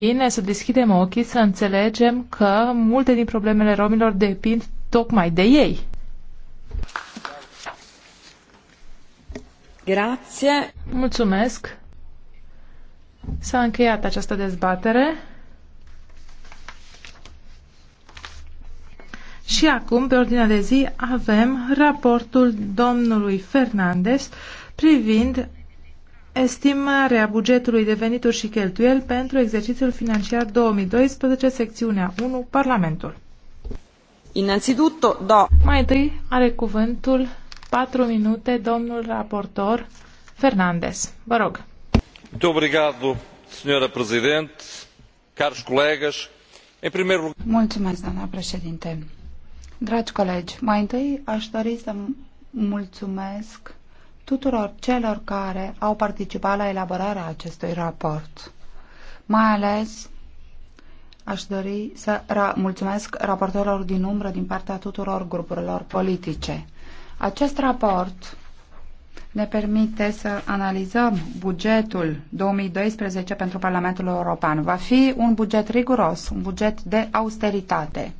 bine să deschidem ochii, să înțelegem că multe din problemele romilor depind tocmai de ei. Grație. Mulțumesc. S-a încheiat această dezbatere. Și acum, pe ordinea de zi, avem raportul domnului Fernandez privind Estimarea bugetului de venituri și cheltuieli pentru exercițiul financiar 2012, secțiunea 1, Parlamentul. Innanzitutto, do. Mai întâi are cuvântul 4 minute domnul raportor Fernandez. Vă rog. Muito obrigado, senhora presidente, caros colegas. Em primeiro lugar... Mulțumesc, doamna președinte. Dragi colegi, mai întâi aș dori să mulțumesc tuturor celor care au participat la elaborarea acestui raport. Mai ales aș dori să ra- mulțumesc raportorilor din umbră din partea tuturor grupurilor politice. Acest raport ne permite să analizăm bugetul 2012 pentru Parlamentul European. Va fi un buget riguros, un buget de austeritate.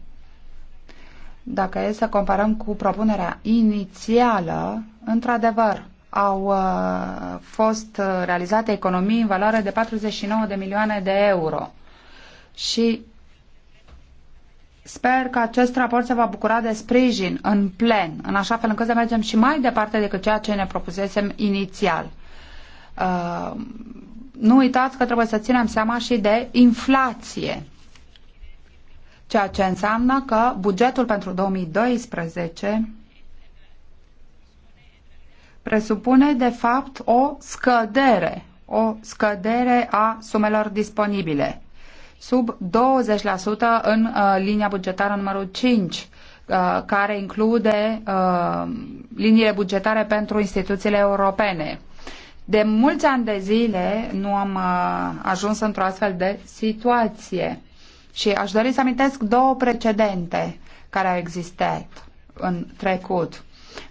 Dacă e să comparăm cu propunerea inițială, într-adevăr, au uh, fost uh, realizate economii în valoare de 49 de milioane de euro. Și Sper că acest raport se va bucura de sprijin în plen, în așa fel încât să mergem și mai departe decât ceea ce ne propusesem inițial. Uh, nu uitați că trebuie să ținem seama și de inflație, ceea ce înseamnă că bugetul pentru 2012 presupune, de fapt, o scădere, o scădere a sumelor disponibile, sub 20% în uh, linia bugetară numărul 5, uh, care include uh, liniile bugetare pentru instituțiile europene. De mulți ani de zile nu am uh, ajuns într-o astfel de situație. Și aș dori să amintesc două precedente care au existat în trecut.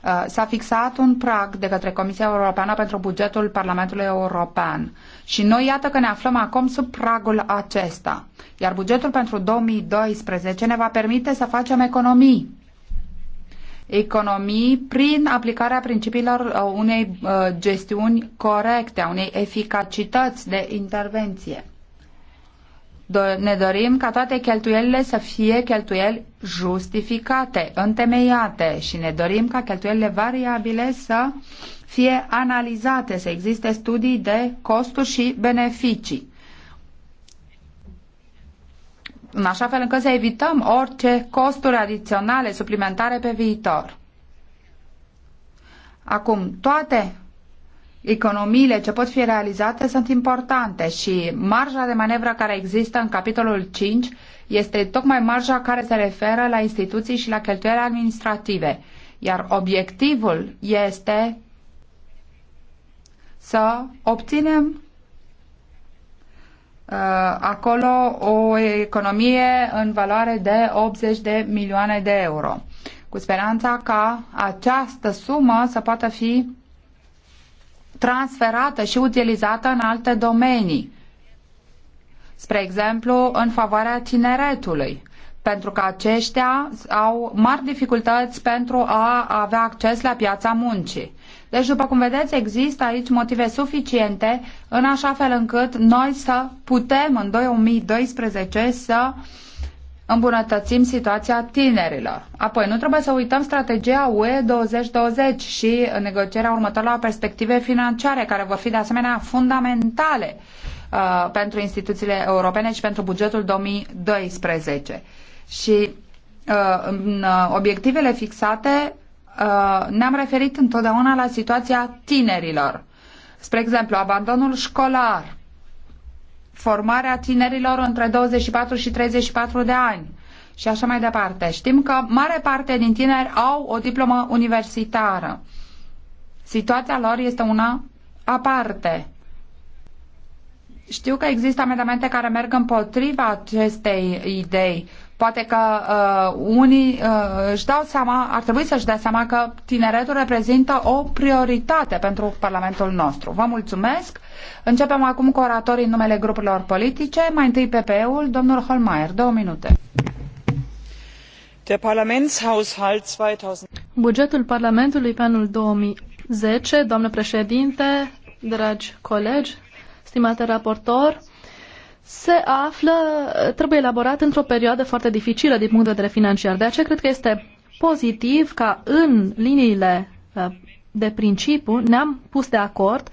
Uh, s-a fixat un prag de către Comisia Europeană pentru bugetul Parlamentului European și noi iată că ne aflăm acum sub pragul acesta. Iar bugetul pentru 2012 ne va permite să facem economii economii prin aplicarea principiilor uh, unei uh, gestiuni corecte, a unei eficacități de intervenție ne dorim ca toate cheltuielile să fie cheltuieli justificate, întemeiate și ne dorim ca cheltuielile variabile să fie analizate, să existe studii de costuri și beneficii. În așa fel încât să evităm orice costuri adiționale, suplimentare pe viitor. Acum, toate economiile ce pot fi realizate sunt importante și marja de manevră care există în capitolul 5 este tocmai marja care se referă la instituții și la cheltuielile administrative, iar obiectivul este să obținem uh, acolo o economie în valoare de 80 de milioane de euro, cu speranța ca această sumă să poată fi transferată și utilizată în alte domenii, spre exemplu în favoarea tineretului, pentru că aceștia au mari dificultăți pentru a avea acces la piața muncii. Deci, după cum vedeți, există aici motive suficiente în așa fel încât noi să putem în 2012 să uh, îmbunătățim situația tinerilor. Apoi, nu trebuie să uităm strategia UE 2020 și negocierea următoarelor perspective financiare, care vor fi de asemenea fundamentale uh, pentru instituțiile europene și pentru bugetul 2012. Și uh, în uh, obiectivele fixate uh, ne-am referit întotdeauna la situația tinerilor. Spre exemplu, abandonul școlar, formarea tinerilor între 24 și 34 de ani și așa mai departe. Știm că mare parte din tineri au o diplomă universitară. Situația lor este una aparte. Știu că există amendamente care merg împotriva acestei idei. Poate că uh, unii uh, își dau seama, ar trebui să-și dea seama că tineretul reprezintă o prioritate pentru Parlamentul nostru. Vă mulțumesc. Începem acum cu oratorii în numele grupurilor politice. Mai întâi PPE-ul, domnul Holmeier. Două minute. Der Parlamentshaushalt 2000... Bugetul Parlamentului pe anul 2010, doamnă președinte, dragi colegi, stimate raportor, se află, trebuie elaborat într-o perioadă foarte dificilă din punct de vedere financiar. De aceea cred că este pozitiv ca în liniile uh, de principiu ne-am pus de acord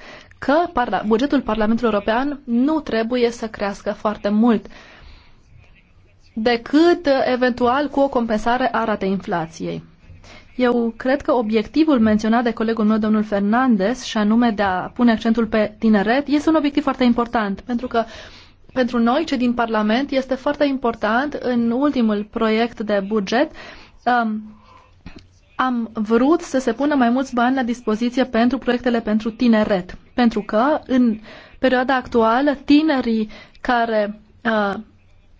că parla- bugetul Parlamentului European nu trebuie să crească foarte mult decât uh, eventual cu o compensare a ratei inflației. Eu cred că obiectivul menționat de colegul meu, domnul Fernandez, și anume de a pune accentul pe tineret, este un obiectiv foarte important, pentru că pentru noi, cei din Parlament, este foarte important în ultimul proiect de buget um, am vrut să se pună mai mulți bani la dispoziție pentru proiectele pentru tineret. Pentru că în perioada actuală tinerii care uh,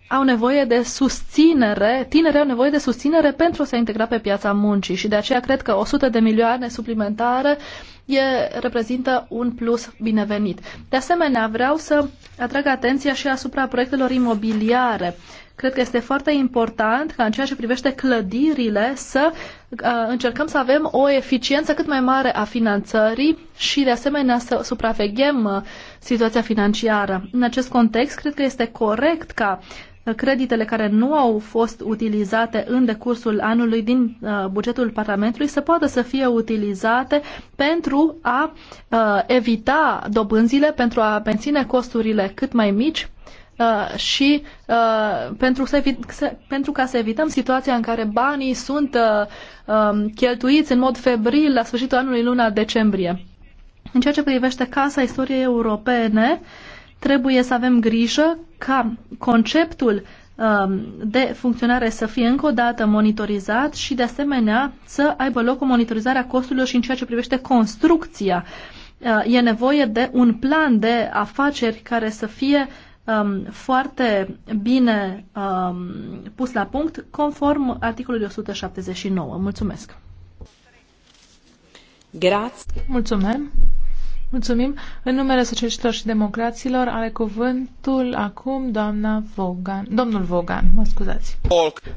au nevoie de susținere, tinerii au nevoie de susținere pentru a se integra pe piața muncii și de aceea cred că 100 de milioane suplimentare e, reprezintă un plus binevenit. De asemenea, vreau să atrag atenția și asupra proiectelor imobiliare Cred că este foarte important ca în ceea ce privește clădirile să uh, încercăm să avem o eficiență cât mai mare a finanțării și de asemenea să supraveghem uh, situația financiară. În acest context, cred că este corect ca uh, creditele care nu au fost utilizate în decursul anului din uh, bugetul Parlamentului să poată să fie utilizate pentru a uh, evita dobânzile, pentru a menține costurile cât mai mici uh, și uh, pentru, să evit, să, pentru ca să evităm situația în care banii sunt uh, um, cheltuiți în mod febril la sfârșitul anului luna decembrie. În ceea ce privește Casa Istoriei Europene, trebuie să avem grijă ca conceptul um, de funcționare să fie încă o dată monitorizat și de asemenea să aibă loc o monitorizare a costurilor și în ceea ce privește construcția. Uh, e nevoie de un plan de afaceri care să fie um, foarte bine um, pus la punct conform articolului 179. Mulțumesc! Grație! Mulțumim! Mulțumim! În numele societăților și Democraților are cuvântul acum doamna Vogan, domnul Vogan, mă scuzați.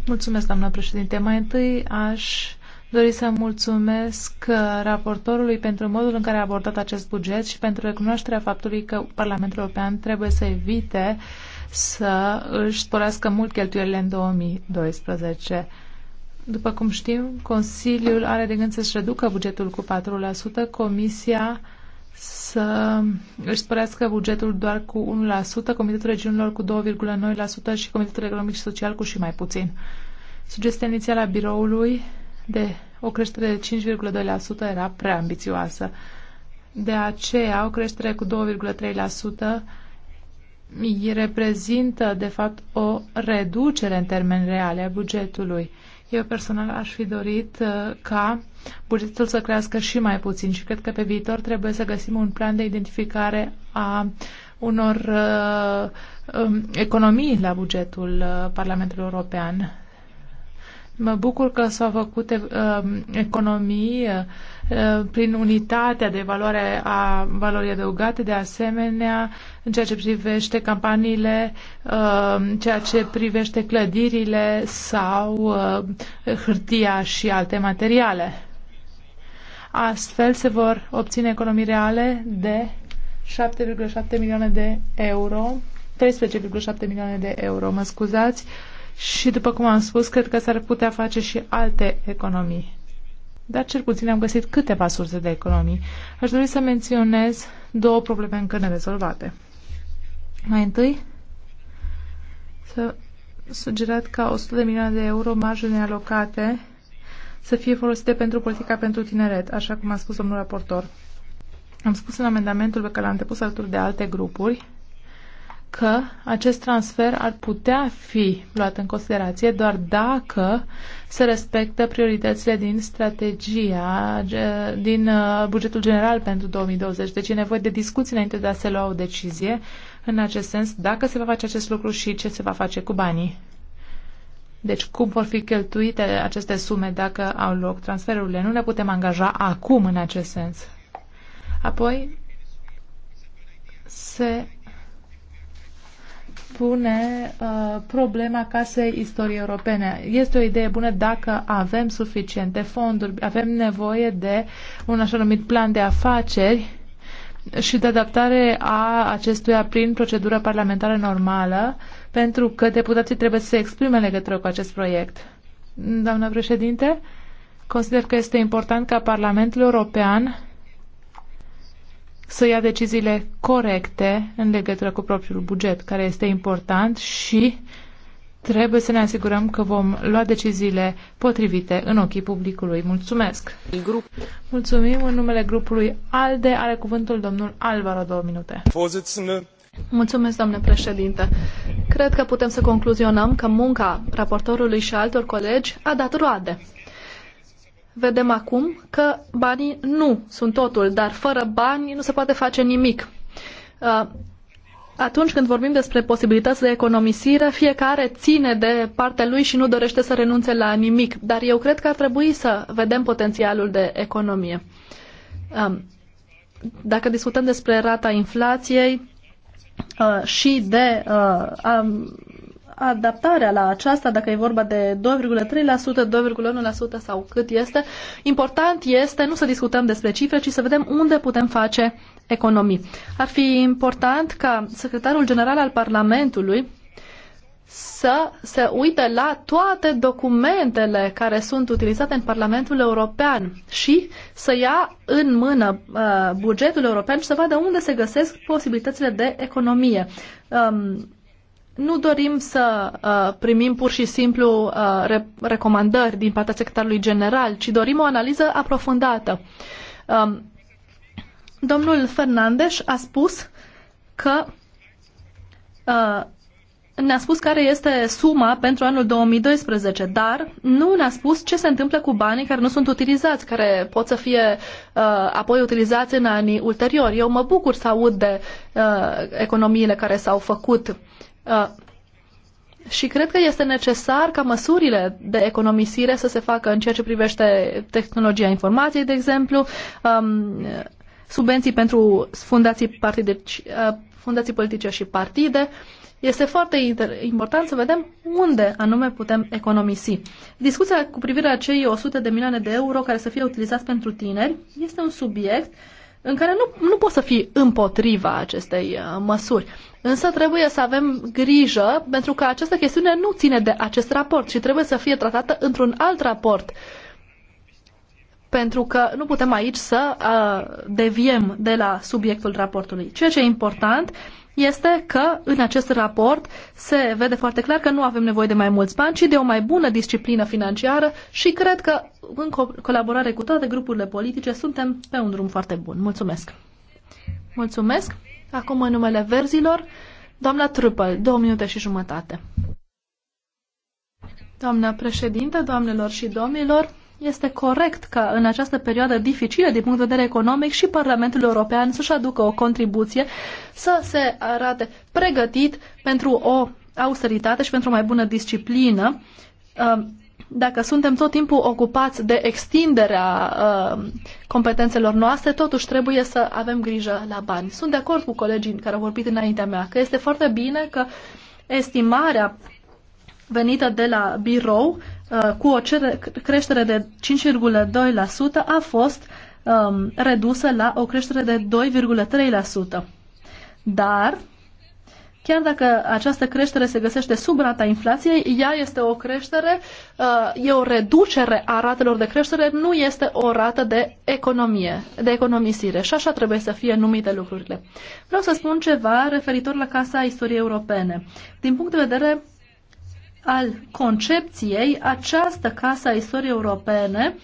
Mulțumesc, doamna președinte. Mai întâi aș dori să mulțumesc uh, raportorului pentru modul în care a abordat acest buget și pentru recunoașterea faptului că Parlamentul European trebuie să evite să își sporească mult cheltuielile în 2012. După cum știm, Consiliul are de gând să-și reducă bugetul cu 4%, Comisia să își sporească bugetul doar cu 1%, Comitetul Regiunilor cu 2,9% și Comitetul Economic și Social cu și mai puțin. Sugestia inițială a biroului de o creștere de 5,2% era prea ambițioasă. De aceea, o creștere cu 2,3% reprezintă, de fapt, o reducere în termeni reale a bugetului. Eu personal aș fi dorit uh, ca bugetul să crească și mai puțin și cred că pe viitor trebuie să găsim un plan de identificare a unor uh, um, economii la bugetul uh, Parlamentului European Mă bucur că s-au făcut uh, economii uh, prin unitatea de valoare a valorii adăugate, de asemenea, în ceea ce privește campaniile, uh, în ceea ce privește clădirile sau uh, hârtia și alte materiale. Astfel se vor obține economii reale de 7,7 milioane de euro, 13,7 milioane de euro, mă scuzați, uh, și, după cum am spus, cred că s-ar putea face și alte economii. Dar cel puțin am găsit câteva surse de economii. Aș dori să menționez două probleme încă nerezolvate. Mai întâi, să sugerat ca 100 de milioane de euro marjă alocate să fie folosite pentru politica pentru tineret, așa cum a spus domnul raportor. Am spus în amendamentul pe care l-am depus alături de alte grupuri că acest transfer ar putea fi luat în considerație doar dacă se respectă prioritățile din strategia, din uh, bugetul general pentru 2020. Deci e nevoie de discuții înainte de a se lua o decizie în acest sens, dacă se va face acest lucru și ce se va face cu banii. Deci cum vor fi cheltuite aceste sume dacă au loc transferurile? Nu ne putem angaja acum în acest sens. Apoi se pune uh, problema casei istoriei europene. Este o idee bună dacă avem suficiente fonduri, avem nevoie de un așa numit plan de afaceri și de adaptare a acestuia prin procedură parlamentară normală, pentru că deputații trebuie să se exprime legătură cu acest proiect. Doamna președinte, consider că este important ca Parlamentul European să ia deciziile corecte în legătură cu propriul buget, care este important și trebuie să ne asigurăm că vom lua deciziile potrivite în ochii publicului. Mulțumesc! Grup. Mulțumim în numele grupului ALDE. Are cuvântul domnul Alvaro, două minute. Poziționă. Mulțumesc, domnule președinte. Cred că putem să concluzionăm că munca raportorului și altor colegi a dat roade vedem acum că banii nu sunt totul, dar fără bani nu se poate face nimic. Uh, atunci când vorbim despre posibilități de economisire, fiecare ține de partea lui și nu dorește să renunțe la nimic, dar eu cred că ar trebui să vedem potențialul de economie. Um, dacă discutăm despre rata inflației uh, și de uh, adaptarea la aceasta, dacă e vorba de 2,3%, 2,1% sau cât este. Important este nu să discutăm despre cifre, ci să vedem unde putem face economii. Ar fi important ca secretarul general al Parlamentului să se uite la toate documentele care sunt utilizate în Parlamentul European și să ia în mână uh, bugetul european și să vadă unde se găsesc posibilitățile de economie. Um, nu dorim să uh, primim pur și simplu uh, re- recomandări din partea secretarului general, ci dorim o analiză aprofundată. Um, uh, domnul Fernandes a spus că uh, ne-a spus care este suma pentru anul 2012, dar nu ne-a spus ce se întâmplă cu banii care nu sunt utilizați, care pot să fie uh, apoi utilizați în anii ulteriori. Eu mă bucur să aud de uh, economiile care s-au făcut Uh, și cred că este necesar ca măsurile de economisire să se facă în ceea ce privește tehnologia informației, de exemplu, um, subvenții pentru fundații, partide, uh, fundații politice și partide. Este foarte important să vedem unde anume putem economisi. Discuția cu privire la cei 100 de milioane de euro care să fie utilizați pentru tineri este un subiect uh, în care nu, nu poți să fii împotriva acestei uh, măsuri. Însă trebuie să avem grijă pentru că această chestiune nu ține de acest raport și trebuie să fie tratată într-un alt raport. Pentru că nu putem aici să uh, deviem de la subiectul raportului. Ceea ce e important este că în acest raport se vede foarte clar că nu avem nevoie de mai mulți bani, ci de o mai bună disciplină financiară și cred că în co- colaborare cu toate grupurile politice suntem pe un drum foarte bun. Mulțumesc! Mulțumesc! Acum în numele verzilor, doamna Trupel, două minute și jumătate. Doamna președintă, doamnelor și domnilor, este corect ca în această perioadă dificilă din punct de vedere economic și Parlamentul European să-și aducă o contribuție, să se arate pregătit pentru o austeritate și pentru o mai bună disciplină. Um, dacă suntem tot timpul ocupați de extinderea um, competențelor noastre, totuși trebuie să avem grijă la bani. Sunt de acord cu colegii care au vorbit înaintea mea că este foarte bine că estimarea venită de la birou Uh, cu o creștere de 5,2% a fost um, redusă la o creștere de 2,3%. Dar, chiar dacă această creștere se găsește sub rata inflației, ea este o creștere, uh, e o reducere a ratelor de creștere, nu este o rată de economie, de economisire. Și așa trebuie să fie numite lucrurile. Vreau să spun ceva referitor la Casa Istoriei Europene. Din punct de vedere al concepției, această casă a istoriei europene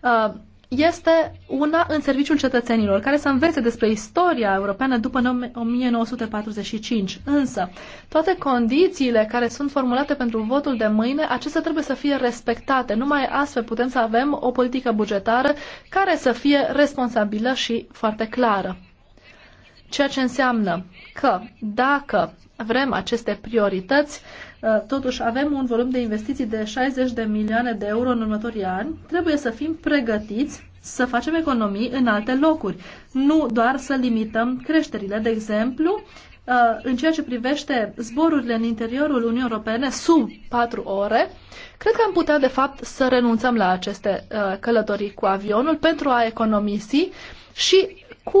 uh, este una în serviciul cetățenilor, care să învețe despre istoria europeană după 1945. Însă, toate condițiile care sunt formulate pentru votul de mâine, acestea trebuie să fie respectate. Numai astfel putem să avem o politică bugetară care să fie responsabilă și foarte clară. Ceea ce înseamnă că dacă vrem aceste priorități, Uh, totuși avem un volum de investiții de 60 de milioane de euro în următorii ani. Trebuie să fim pregătiți să facem economii în alte locuri, nu doar să limităm creșterile. De exemplu, uh, în ceea ce privește zborurile în interiorul Uniunii Europene sub 4 ore, cred că am putea, de fapt, să renunțăm la aceste uh, călătorii cu avionul pentru a economisi și cu,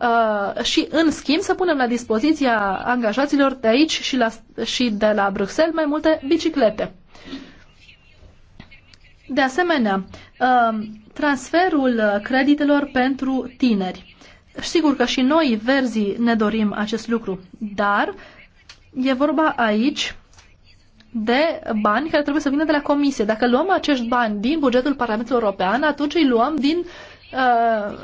uh, și în schimb să punem la dispoziția angajaților de aici și, la, și de la Bruxelles mai multe biciclete. De asemenea, uh, transferul creditelor pentru tineri. Sigur că și noi, verzii, ne dorim acest lucru, dar e vorba aici de bani care trebuie să vină de la Comisie. Dacă luăm acești bani din bugetul Parlamentului European, atunci îi luăm din uh,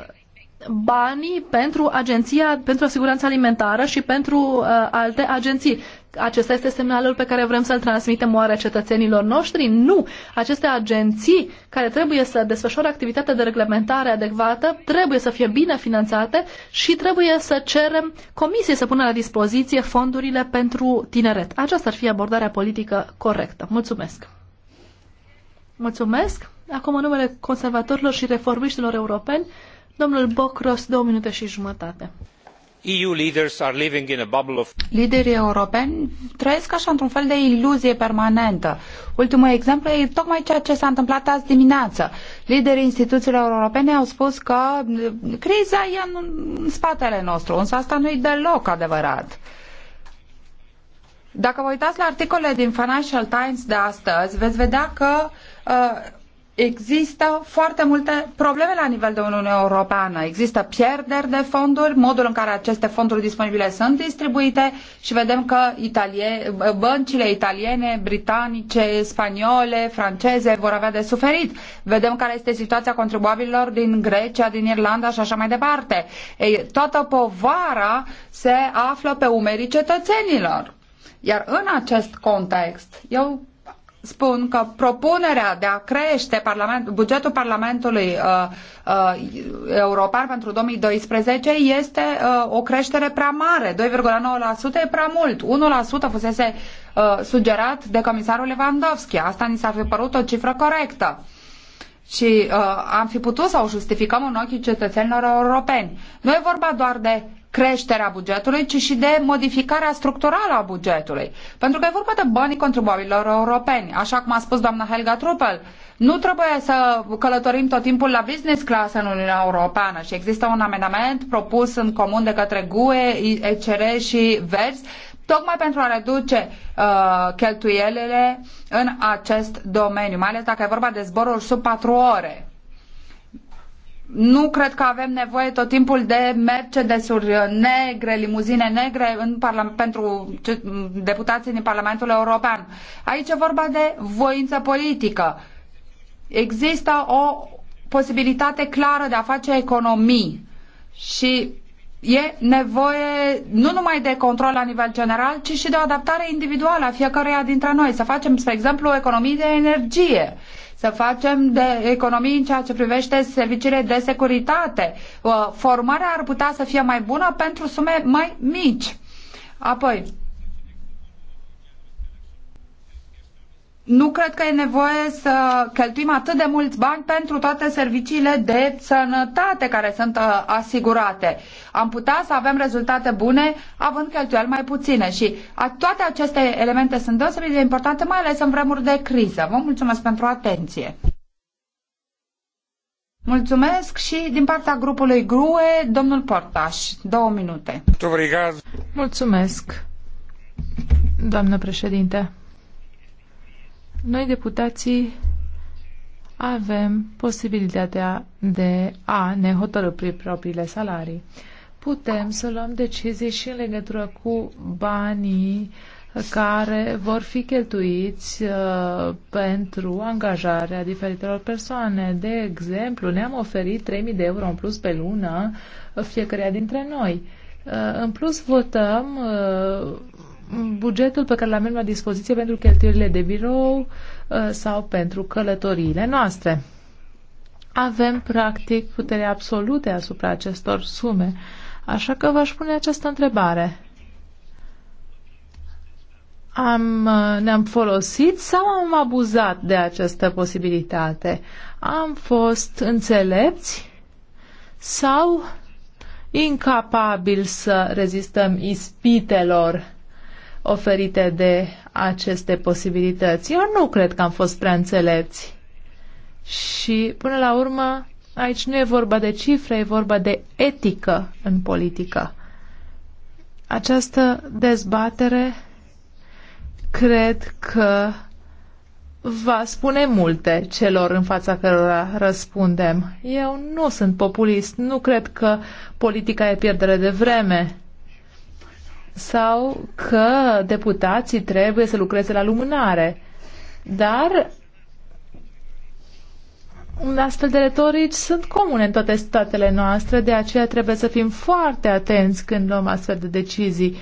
banii pentru Agenția pentru Siguranța Alimentară și pentru uh, alte agenții. Acesta este semnalul pe care vrem să-l transmitem oare cetățenilor noștri? Nu! Aceste agenții care trebuie să desfășoare activitatea de reglementare adecvată trebuie să fie bine finanțate și trebuie să cerem comisiei să pună la dispoziție fondurile pentru tineret. Aceasta ar fi abordarea politică corectă. Mulțumesc! Mulțumesc! Acum în numele conservatorilor și reformiștilor europeni Domnul Bocros, două minute și jumătate. EU leaders are living in a bubble of... Liderii europeni trăiesc așa într-un fel de iluzie permanentă. Ultimul exemplu e tocmai ceea ce s-a întâmplat azi dimineață. Liderii instituțiilor europene au spus că mm, criza e în spatele nostru, însă asta nu e deloc adevărat. Dacă vă uitați la articole din Financial Times de astăzi, veți vedea că uh, există foarte multe probleme la nivel de Uniunea Europeană. Există pierderi de fonduri, modul în care aceste fonduri disponibile sunt distribuite și vedem că italie, băncile italiene, britanice, spaniole, franceze vor avea de suferit. Vedem care este situația contribuabililor din Grecia, din Irlanda și așa mai departe. Ei, toată povara se află pe umerii cetățenilor. Iar în acest context, eu spun că propunerea de a crește parlament, bugetul Parlamentului uh, uh, European pentru 2012 este uh, o creștere prea mare. 2,9% e prea mult. 1% fusese uh, sugerat de comisarul Lewandowski. Asta ni s-ar fi părut o cifră corectă. Și uh, am fi putut să o justificăm în ochii cetățenilor europeni. Nu e vorba doar de creșterea bugetului, ci și de modificarea structurală a bugetului. Pentru că e vorba de banii contribuabililor europeni. Așa cum a spus doamna Helga Truppel, nu trebuie să călătorim tot timpul la business class în Uniunea Europeană și există un amendament propus în comun de către GUE, ECR și Verzi tocmai pentru a reduce uh, cheltuielile în acest domeniu, mai ales dacă e vorba de zboruri sub patru ore nu cred că avem nevoie tot timpul de Mercedes-uri uh, negre, limuzine negre în pentru deputații din Parlamentul European. Aici e vorba de voință politică. Există o posibilitate clară de a face economii și e nevoie nu numai de control la nivel general, ci și de o adaptare individuală a fiecăruia dintre noi. Să facem, spre exemplu, economii de energie să facem de economii în ceea ce privește serviciile de securitate. Uh, formarea ar putea să fie mai bună pentru sume mai mici. Apoi, nu cred că e nevoie să cheltuim atât de mulți bani pentru toate serviciile de sănătate care sunt uh, asigurate. Am putea să avem rezultate bune având cheltuieli mai puține și toate aceste elemente sunt deosebit de importante, mai ales în vremuri de criză. Vă mulțumesc pentru atenție. Mulțumesc și din partea grupului GRUE, domnul Portaș, două minute. Mulțumesc, doamnă președinte. Noi, deputații, avem posibilitatea de a ne hotărâ prin propriile salarii. Putem să luăm decizii și în legătură cu banii care vor fi cheltuiți uh, pentru angajarea diferitelor persoane. De exemplu, ne-am oferit 3.000 de euro în plus pe lună fiecare dintre noi. Uh, în plus, votăm uh, bugetul pe care l avem la dispoziție pentru cheltuielile de birou uh, sau pentru călătoriile noastre. Avem, practic, putere absolute asupra acestor sume, așa că v-aș pune această întrebare. Am, uh, ne-am folosit sau am abuzat de această posibilitate? Am fost înțelepți sau incapabili să rezistăm ispitelor oferite de aceste posibilități. Eu nu cred că am fost prea înțeleți. Și, până la urmă, aici nu e vorba de cifre, e vorba de etică în politică. Această dezbatere cred că va spune multe celor în fața cărora răspundem. Eu nu sunt populist, nu cred că politica e pierdere de vreme sau că deputații trebuie să lucreze la lumânare. Dar astfel de retorici sunt comune în toate statele noastre, de aceea trebuie să fim foarte atenți când luăm astfel de decizii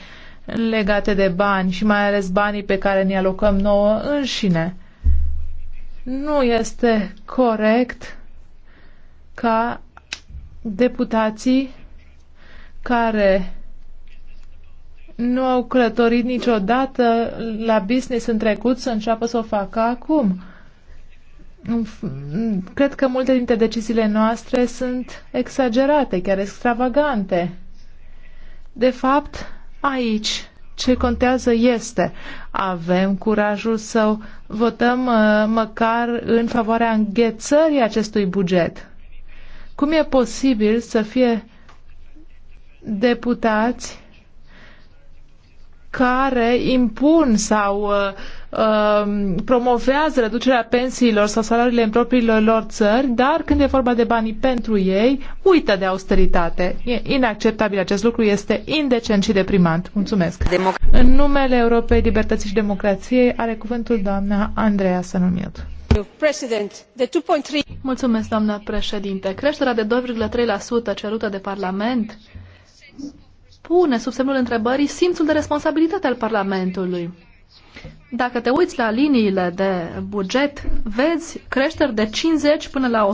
legate de bani și mai ales banii pe care ne alocăm nouă înșine. Nu este corect ca deputații care nu au călătorit niciodată la business în trecut să înceapă să o facă acum. Cred că multe dintre deciziile noastre sunt exagerate, chiar extravagante. De fapt, aici ce contează este avem curajul să votăm uh, măcar în favoarea înghețării acestui buget. Cum e posibil să fie deputați care impun sau uh, um, promovează reducerea pensiilor sau salariile în propriilor lor țări, dar când e vorba de banii pentru ei, uită de austeritate. E inacceptabil acest lucru, este indecent și deprimant. Mulțumesc. Democ- în numele Europei Libertății și Democrației are cuvântul doamna Andreea Sănumiut. Mulțumesc, doamna președinte. Creșterea de 2,3% cerută de Parlament pune sub semnul întrebării simțul de responsabilitate al Parlamentului. Dacă te uiți la liniile de buget, vezi creșteri de 50 până la 100%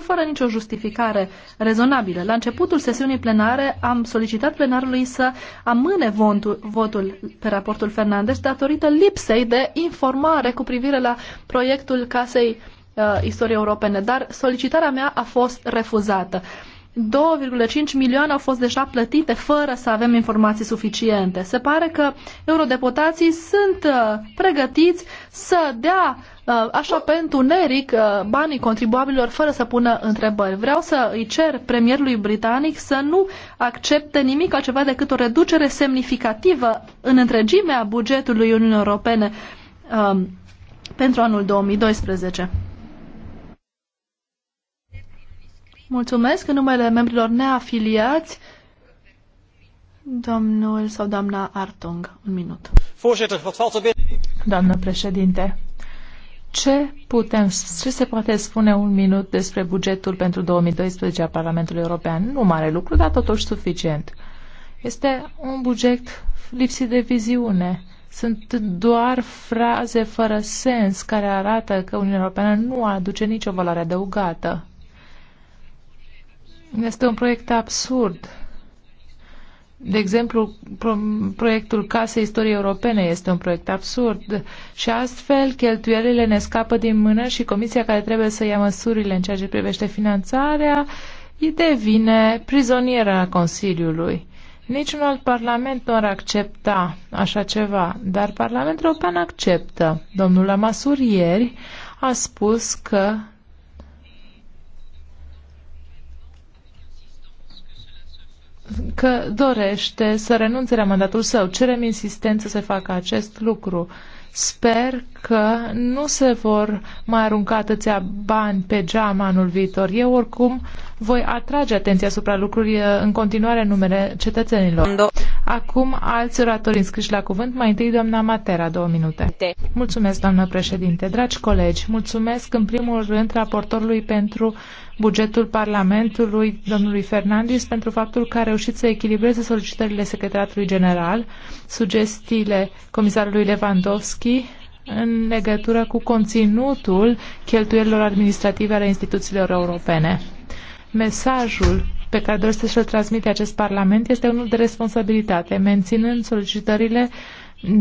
fără nicio justificare rezonabilă. La începutul sesiunii plenare am solicitat plenarului să amâne votul, votul pe raportul Fernandez datorită lipsei de informare cu privire la proiectul Casei uh, Istoriei Europene, dar solicitarea mea a fost refuzată. Uh, 2,5 milioane au fost deja plătite fără să avem informații suficiente. Se pare că eurodeputații sunt uh, pregătiți să dea uh, așa pentru neric uh, banii contribuabililor fără să pună întrebări. Vreau să îi cer premierului britanic să nu accepte nimic altceva decât o reducere semnificativă în întregimea bugetului Uniunii Europene um, pentru anul 2012. Mulțumesc în numele membrilor neafiliați. Domnul sau doamna Artung, un minut. Er Doamnă președinte, ce putem, ce se poate spune un minut despre bugetul pentru 2012 a Parlamentului European? Nu mare lucru, dar totuși suficient. Este un buget lipsit de viziune. Sunt doar fraze fără sens care arată că Uniunea Europeană nu aduce nicio valoare adăugată. Este un proiect absurd. De exemplu, pro proiectul Casei Istoriei Europene este un proiect absurd și astfel cheltuielile ne scapă din mână și comisia care trebuie să ia măsurile în ceea ce privește finanțarea îi devine prizoniera a Consiliului. Niciun alt parlament nu ar accepta așa ceva, dar Parlamentul European acceptă. Domnul Lamasur ieri a spus că că dorește să renunțe la mandatul său. Cerem insistent să se facă acest lucru. Sper că nu se vor mai arunca atâția bani pe geam anul viitor. Eu oricum voi atrage atenția asupra lucrurilor în continuare în numele cetățenilor. Acum alți oratori înscriși la cuvânt, mai întâi doamna Matera, două minute. Mulțumesc, doamnă președinte. Dragi colegi, mulțumesc în primul rând raportorului pentru bugetul Parlamentului, domnului Fernandis, pentru faptul că a reușit să echilibreze solicitările Secretarului General, sugestiile comisarului Lewandowski, în legătură cu conținutul cheltuielilor administrative ale instituțiilor europene. Mesajul pe care doresc să l transmite acest Parlament este unul de responsabilitate, menținând solicitările uh,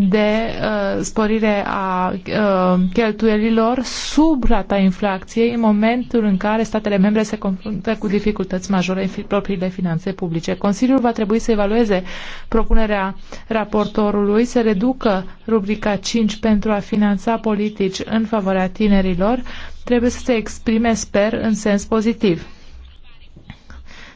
de uh, sporire a uh, cheltuielilor sub rata inflației în momentul în care statele membre se confruntă cu dificultăți majore în propriile finanțe publice. Consiliul va trebui să evalueze propunerea raportorului să reducă rubrica 5 pentru a finanța politici în favoarea tinerilor. Trebuie să se exprime, sper, în sens pozitiv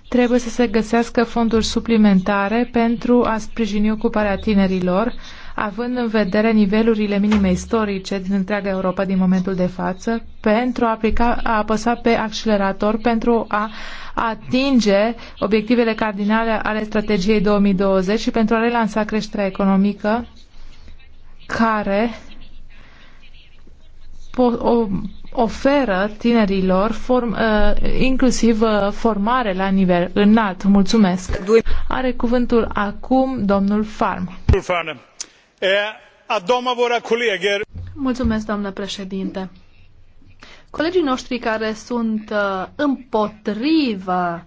trebuie să se găsească fonduri suplimentare pentru a sprijini ocuparea tinerilor având în vedere nivelurile minime istorice din întreaga Europa din momentul de față, pentru a, aplica, a apăsa pe accelerator, pentru a atinge obiectivele cardinale ale strategiei 2020 și pentru a relansa creșterea economică care o oferă tinerilor form, uh, inclusiv uh, formare la nivel înalt. Mulțumesc. Are cuvântul acum domnul Farm. Mulțumesc, doamnă președinte. Colegii noștri care sunt uh, împotriva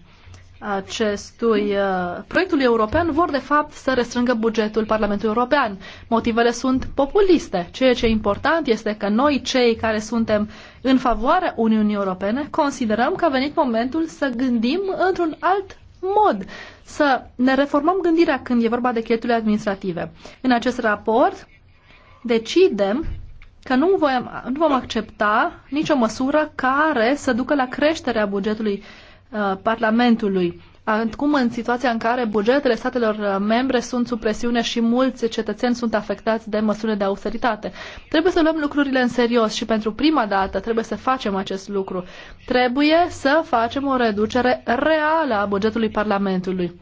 acestui uh, proiectul european vor de fapt să restrângă bugetul Parlamentului European. Motivele sunt populiste. Ceea ce e important este că noi, cei care suntem în favoarea Uniunii Europene, considerăm că a venit momentul să gândim într-un alt mod, să ne reformăm gândirea când e vorba de cheltuielile administrative. În acest raport decidem că nu vom, nu vom accepta nicio măsură care să ducă la creșterea bugetului uh, Parlamentului acum în situația în care bugetele statelor uh, membre sunt sub presiune și mulți cetățeni sunt afectați de măsurile de austeritate. Trebuie să luăm lucrurile în serios și pentru prima dată trebuie să facem acest lucru. Trebuie să facem o reducere reală a bugetului Parlamentului.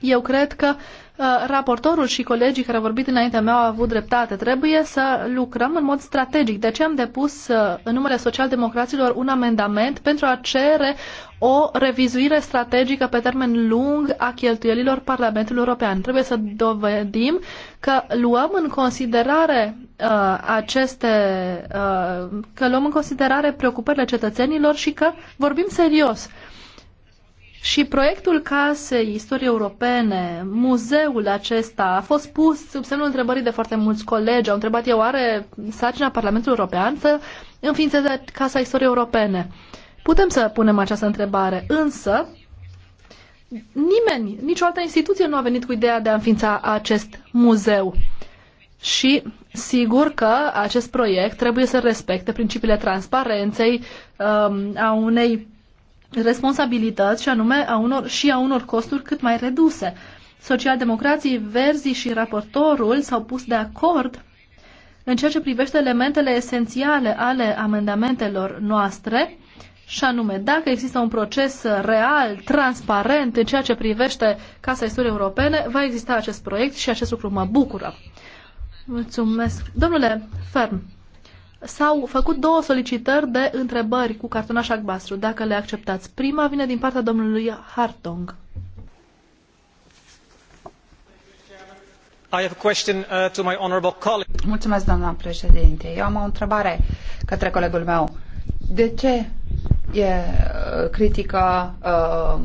Eu cred că Uh, raportorul și colegii care au vorbit înaintea mea au avut dreptate. Trebuie să lucrăm în mod strategic. De ce am depus uh, în numele socialdemocraților un amendament pentru a cere o revizuire strategică pe termen lung a cheltuielilor Parlamentului European. Trebuie să dovedim că luăm în considerare uh, aceste, uh, că luăm în considerare preocupările cetățenilor și că vorbim serios. Uh, și proiectul Casei Istoriei Europene, muzeul acesta, a fost pus sub semnul întrebării de foarte mulți colegi. Au întrebat eu, are sarcina Parlamentului European să înființeze Casa Istoriei Europene? Putem să punem această întrebare, însă nimeni, nicio altă instituție nu a venit cu ideea de a înființa acest muzeu. Și sigur că acest proiect trebuie să respecte principiile transparenței um, a unei responsabilități și anume a unor, și a unor costuri cât mai reduse. Socialdemocrații, Verzi și raportorul s-au pus de acord în ceea ce privește elementele esențiale ale amendamentelor noastre, și anume, dacă există un proces real, transparent în ceea ce privește Casa Istoriei Europene, va exista acest proiect și acest lucru mă bucură. Mulțumesc. Domnule Fern, S-au făcut două solicitări de întrebări cu cartonaș albastru, dacă le acceptați. Prima vine din partea domnului Hartong. I have a question, uh, to my honorable colleague. Mulțumesc, doamna președinte. Eu am o întrebare către colegul meu. De ce e uh, critică uh,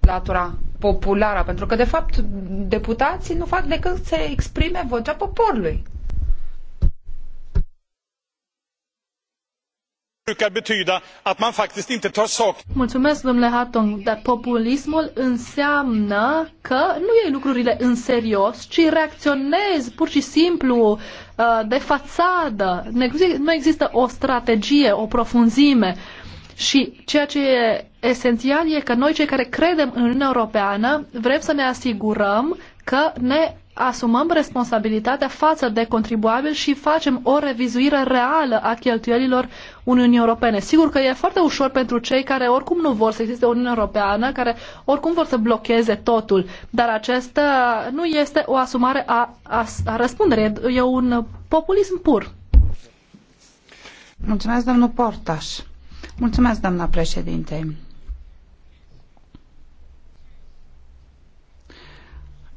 latura populară? Pentru că, de fapt, deputații nu fac decât să exprime vocea poporului. brukar betyda att man faktiskt inte tar sak. Mulțumesc, domnule Hatton, dar populismul înseamnă că nu iei lucrurile în serios, ci reacționezi pur și simplu uh, de fațadă. Nu există o strategie, o profunzime. Și ceea ce e esențial e că noi, cei care credem în Uniunea Europeană, vrem să ne asigurăm că ne asumăm responsabilitatea față de contribuabil și facem o revizuire reală a cheltuielilor Uniunii Europene. Sigur că e foarte ușor pentru cei care oricum nu vor să existe o Uniune Europeană, care oricum vor să blocheze totul, dar acesta nu este o asumare a, a, a răspunderii, e un populism pur. Mulțumesc, domnul Portaș. Mulțumesc, doamna președinte.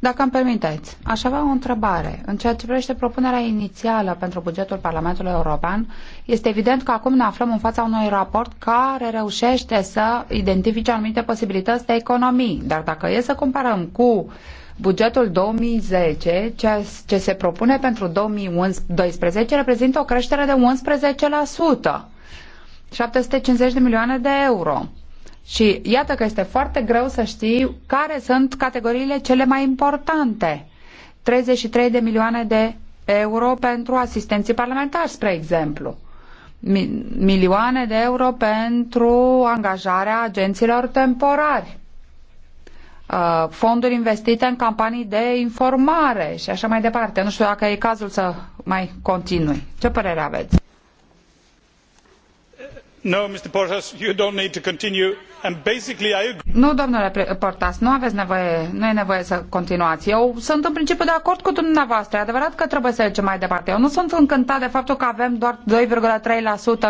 Dacă îmi permiteți, aș avea o întrebare. În ceea ce privește propunerea inițială pentru bugetul Parlamentului European, este evident că acum ne aflăm în fața unui raport care reușește să identifice anumite posibilități de economii. Dar dacă e să comparăm cu bugetul 2010, ceea ce se propune pentru 2012, reprezintă o creștere de 11%. 750 de milioane de euro. Și iată că este foarte greu să știi care sunt categoriile cele mai importante. 33 de milioane de euro pentru asistenții parlamentari, spre exemplu. Milioane de euro pentru angajarea agenților temporari. Uh, fonduri investite în campanii de informare și așa mai departe. Nu știu dacă e cazul să mai continui. Ce părere aveți? No, Nu, domnule Portas, nu aveți nevoie, nu e nevoie să continuați. Eu sunt în principiu de acord cu dumneavoastră. E adevărat că trebuie să mergem mai departe. Eu nu sunt încântat de faptul că avem doar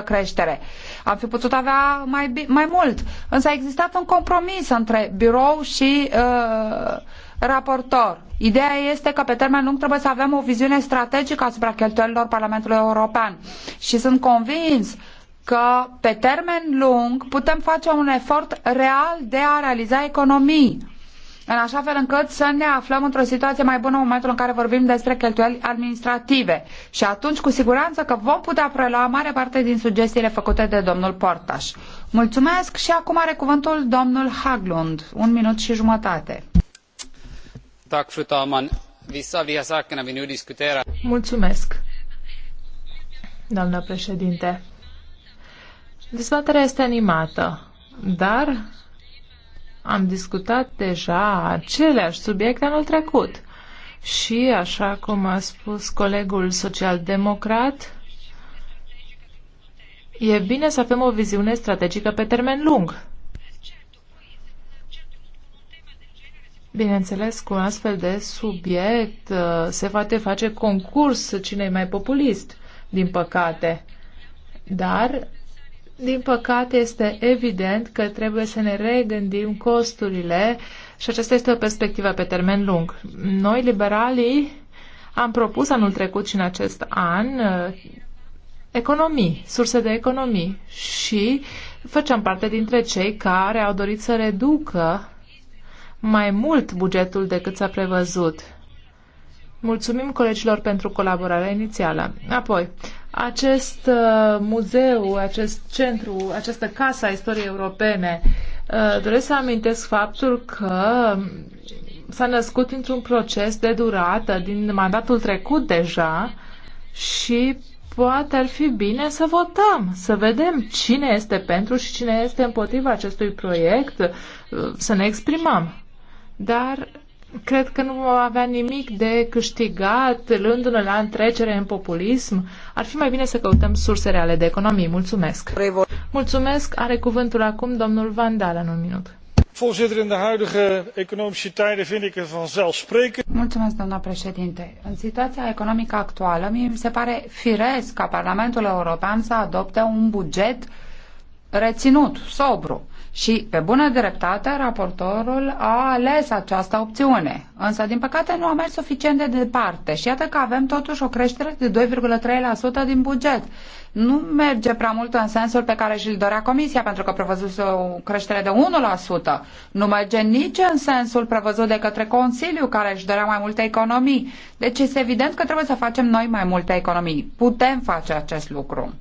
2,3% creștere. Am fi putut avea mai, mai mult. Însă a existat un compromis între birou și uh, raportor. Ideea este că pe termen lung trebuie să avem o viziune strategică asupra cheltuielilor Parlamentului European. Și sunt convins că pe termen lung putem face un efort real de a realiza economii în așa fel încât să ne aflăm într-o situație mai bună în momentul în care vorbim despre cheltuieli administrative. Și atunci, cu siguranță că vom putea prelua mare parte din sugestiile făcute de domnul Portaș. Mulțumesc și acum are cuvântul domnul Haglund. Un minut și jumătate. Mulțumesc, doamna președinte. Dezbaterea este animată, dar am discutat deja aceleași subiecte anul trecut. Și, așa cum a spus colegul social-democrat, e bine să avem o viziune strategică pe termen lung. Bineînțeles, cu un astfel de subiect uh, se poate face concurs cine e mai populist, din păcate. Dar din păcate, este evident că trebuie să ne regândim costurile și aceasta este o perspectivă pe termen lung. Noi, liberalii, am propus anul trecut și în acest an uh, economii, surse de economii și făceam parte dintre cei care au dorit să reducă mai mult bugetul decât s-a prevăzut Mulțumim colegilor pentru colaborarea inițială. Apoi, acest uh, muzeu, acest centru, această casă a istoriei europene, uh, doresc să amintesc faptul că s-a născut într-un proces de durată din mandatul trecut deja și poate ar fi bine să votăm, să vedem cine este pentru și cine este împotriva acestui proiect, uh, să ne exprimăm. Dar cred că nu va avea nimic de câștigat lându ne la întrecere în populism. Ar fi mai bine să căutăm surse reale de economie. Mulțumesc! Mulțumesc! Are cuvântul acum domnul Van în un minut. Voorzitter, in de huidige economische tijden vind ik het vanzelfsprekend. Mulțumesc, doamna președinte. În situația economică actuală, mie mi se pare firesc ca Parlamentul European să adopte un buget reținut, sobru. Și, pe bună dreptate, raportorul a ales această opțiune. Însă, din păcate, nu a mers suficient de departe. Și iată că avem totuși o creștere de 2,3% din buget. Nu merge prea mult în sensul pe care și-l dorea Comisia, pentru că prevăzuse o creștere de 1%. Nu merge nici în sensul prevăzut de către Consiliu, care își dorea mai multe economii. Deci este evident că trebuie să facem noi mai multe economii. Putem face acest lucru.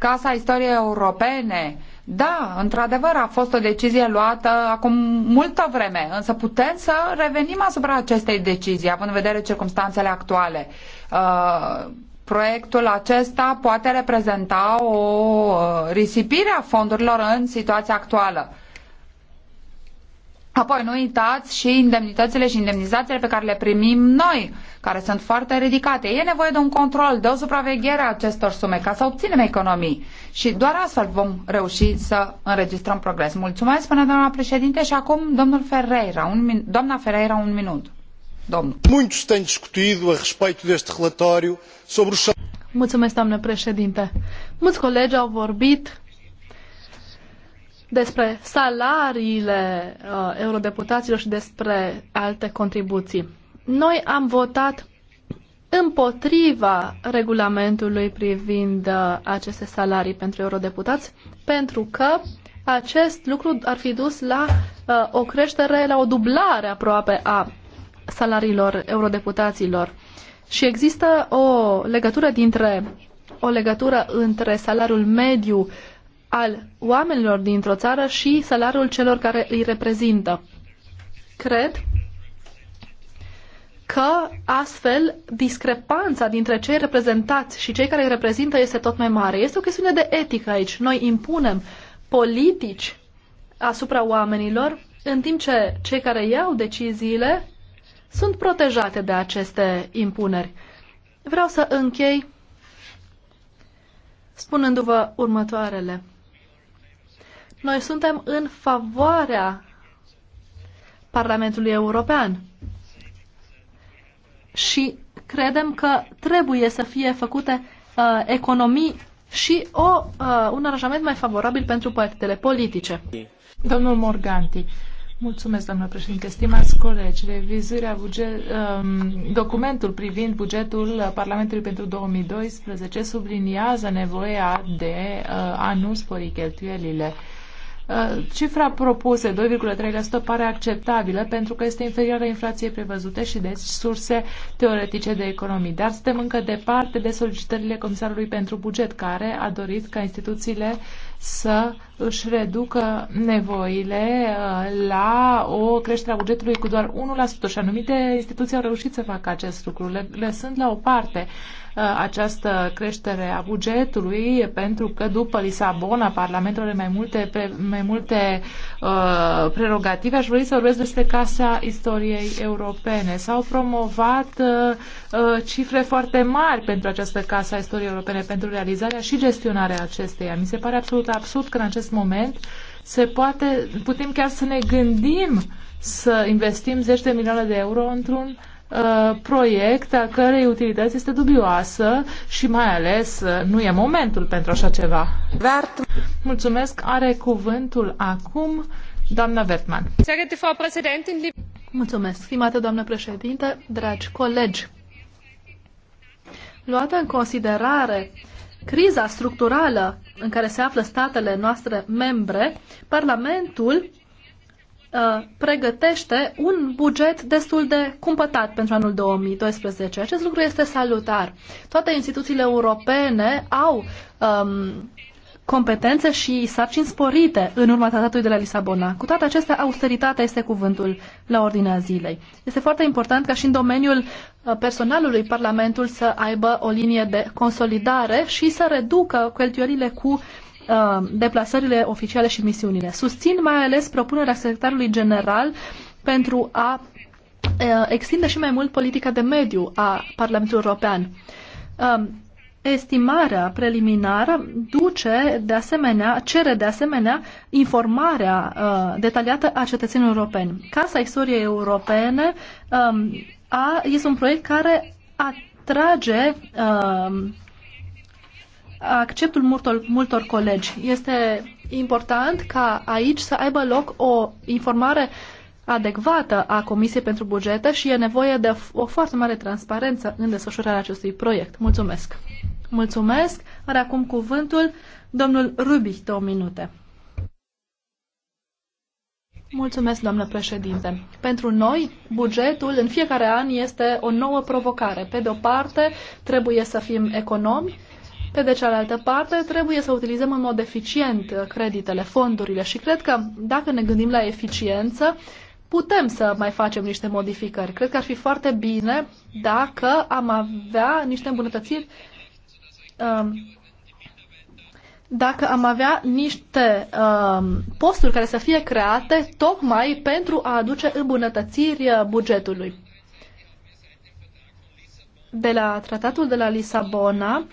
Casa Istoriei Europene. Da, într-adevăr a fost o decizie luată acum multă vreme, însă putem să revenim asupra acestei decizii, având în vedere circumstanțele actuale. Uh, proiectul acesta poate reprezenta o uh, risipire a fondurilor în situația actuală. Apoi nu uitați și indemnitățile și indemnizațiile pe care le primim noi, care sunt foarte ridicate. E nevoie de un control, de o supraveghere a acestor sume ca să obținem economii. Și doar astfel vom reuși să înregistrăm progres. Mulțumesc, până doamna președinte, și acum domnul Ferreira, un min- doamna Ferreira, un minut. Domnul. a Mulțumesc, doamnă președinte. Mulți colegi au vorbit despre salariile uh, eurodeputaților și despre alte contribuții. Noi am votat împotriva regulamentului privind uh, aceste salarii pentru eurodeputați, pentru că acest lucru ar fi dus la uh, o creștere, la o dublare aproape a salariilor eurodeputaților. Și există o legătură dintre o legătură între salariul mediu al oamenilor dintr-o țară și salariul celor care îi reprezintă. Cred că astfel discrepanța dintre cei reprezentați și cei care îi reprezintă este tot mai mare. Este o chestiune de etică aici. Noi impunem politici asupra oamenilor, în timp ce cei care iau deciziile sunt protejate de aceste impuneri. Vreau să închei spunându-vă următoarele. Noi suntem în favoarea Parlamentului European și credem că trebuie să fie făcute uh, economii și o, uh, un aranjament mai favorabil pentru partidele politice. Domnul Morganti, Mulțumesc, doamnă președinte. Stimați colegi, revizuirea buget, um, documentul privind bugetul Parlamentului pentru 2012 subliniază nevoia de uh, a nu spori cheltuielile Uh, cifra propusă, 2,3%, pare acceptabilă pentru că este inferioară inflației prevăzute și deci surse teoretice de economii. Dar suntem încă departe de solicitările Comisarului pentru Buget, care a dorit ca instituțiile să își reducă nevoile uh, la o creștere a bugetului cu doar 1% și anumite instituții au reușit să facă acest lucru, lăsând la o parte Uh, această creștere a bugetului, pentru că după Lisabona Parlamentul are mai multe, pre, mai multe uh, prerogative. Aș vrea să vorbesc despre Casa Istoriei Europene. S-au promovat uh, uh, cifre foarte mari pentru această Casa Istoriei Europene, pentru realizarea și gestionarea acesteia. Mi se pare absolut absurd că în acest moment se poate, putem chiar să ne gândim să investim zeci de milioane de euro într-un Uh, proiect a cărei utilități este dubioasă și mai ales uh, nu e momentul pentru așa ceva. Vert. Mulțumesc. Are cuvântul acum doamna Vertman. Mulțumesc, stimată doamnă președinte, dragi colegi. Luată în considerare criza structurală în care se află statele noastre membre, Parlamentul Uh, pregătește un buget destul de cumpătat pentru anul 2012. Acest lucru este salutar. Toate instituțiile europene au um, competențe și sarcini sporite în urma tratatului de la Lisabona. Cu toate acestea, austeritatea este cuvântul la ordinea zilei. Este foarte important ca și în domeniul uh, personalului Parlamentul să aibă o linie de consolidare și să reducă cheltuielile cu uh, Uh, deplasările oficiale și misiunile. Susțin mai ales propunerea secretarului general pentru a uh, extinde și mai mult politica de mediu a Parlamentului European. Um, estimarea preliminară duce de asemenea, cere de asemenea informarea uh, detaliată a cetățenilor europeni. Casa Istoriei Europene um, a, este un proiect care atrage um, acceptul multor, multor colegi. Este important ca aici să aibă loc o informare adecvată a Comisiei pentru Bugete și e nevoie de o foarte mare transparență în desfășurarea acestui proiect. Mulțumesc! Mulțumesc! Are acum cuvântul domnul Rubi, două minute. Mulțumesc, doamnă președinte. Pentru noi, bugetul în fiecare an este o nouă provocare. Pe de o parte, trebuie să fim economi, pe de cealaltă parte, trebuie să utilizăm în mod eficient creditele, fondurile și cred că dacă ne gândim la eficiență, putem să mai facem niște modificări. Cred că ar fi foarte bine dacă am avea niște îmbunătățiri um, dacă am avea niște um, posturi care să fie create tocmai pentru a aduce îmbunătățiri bugetului. De la tratatul de la Lisabona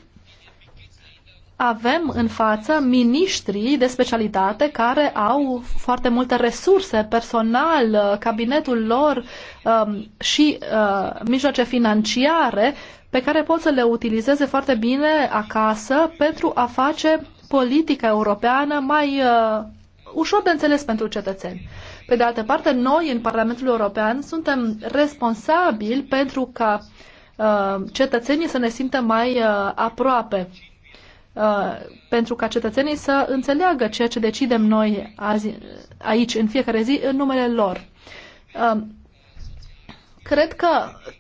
avem în față miniștrii de specialitate care au foarte multe resurse, personal, uh, cabinetul lor um, și uh, mijloace financiare pe care pot să le utilizeze foarte bine acasă pentru a face politica europeană mai uh, ușor de înțeles pentru cetățeni. Pe de altă parte, noi în Parlamentul European suntem responsabili pentru ca uh, cetățenii să ne simtă mai uh, aproape Uh, pentru ca cetățenii să înțeleagă ceea ce decidem noi azi, aici, în fiecare zi, în numele lor. Um, cred că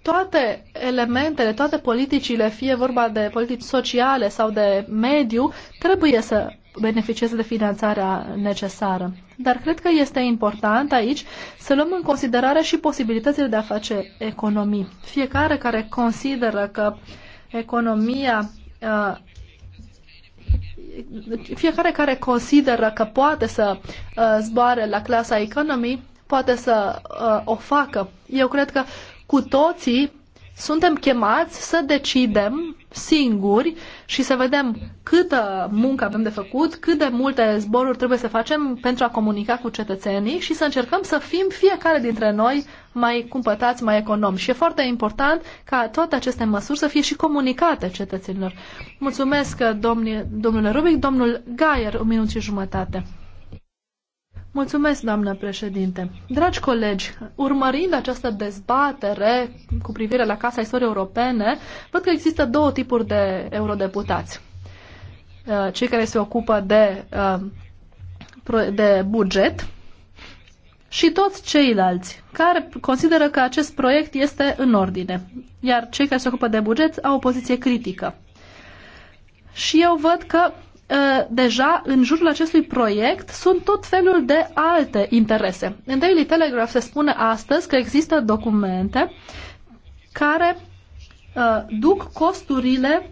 toate elementele, toate politicile, fie vorba de politici sociale sau de mediu, trebuie să beneficieze de finanțarea necesară. Dar cred că este important aici să luăm în considerare și posibilitățile de a face economii. Fiecare care consideră că economia uh, fiecare care consideră că poate să uh, zboare la clasa economy, poate să uh, o facă. Eu cred că cu toții suntem chemați să decidem singuri și să vedem câtă muncă avem de făcut, cât de multe zboruri trebuie să facem pentru a comunica cu cetățenii și să încercăm să fim fiecare dintre noi mai cumpătați, mai economi. Și e foarte important ca toate aceste măsuri să fie și comunicate cetățenilor. Mulțumesc, domnule Rubic, domnul Gaier, un minut și jumătate. Mulțumesc, doamnă președinte. Dragi colegi, urmărind această dezbatere cu privire la Casa Istoriei Europene, văd că există două tipuri de eurodeputați. Uh, cei care se ocupă de, uh, de buget și toți ceilalți care consideră că acest proiect este în ordine, iar cei care se ocupă de buget au o poziție critică. Și eu văd că Uh, deja în jurul acestui proiect sunt tot felul de alte interese. În Daily Telegraph se spune astăzi că există documente care uh, duc costurile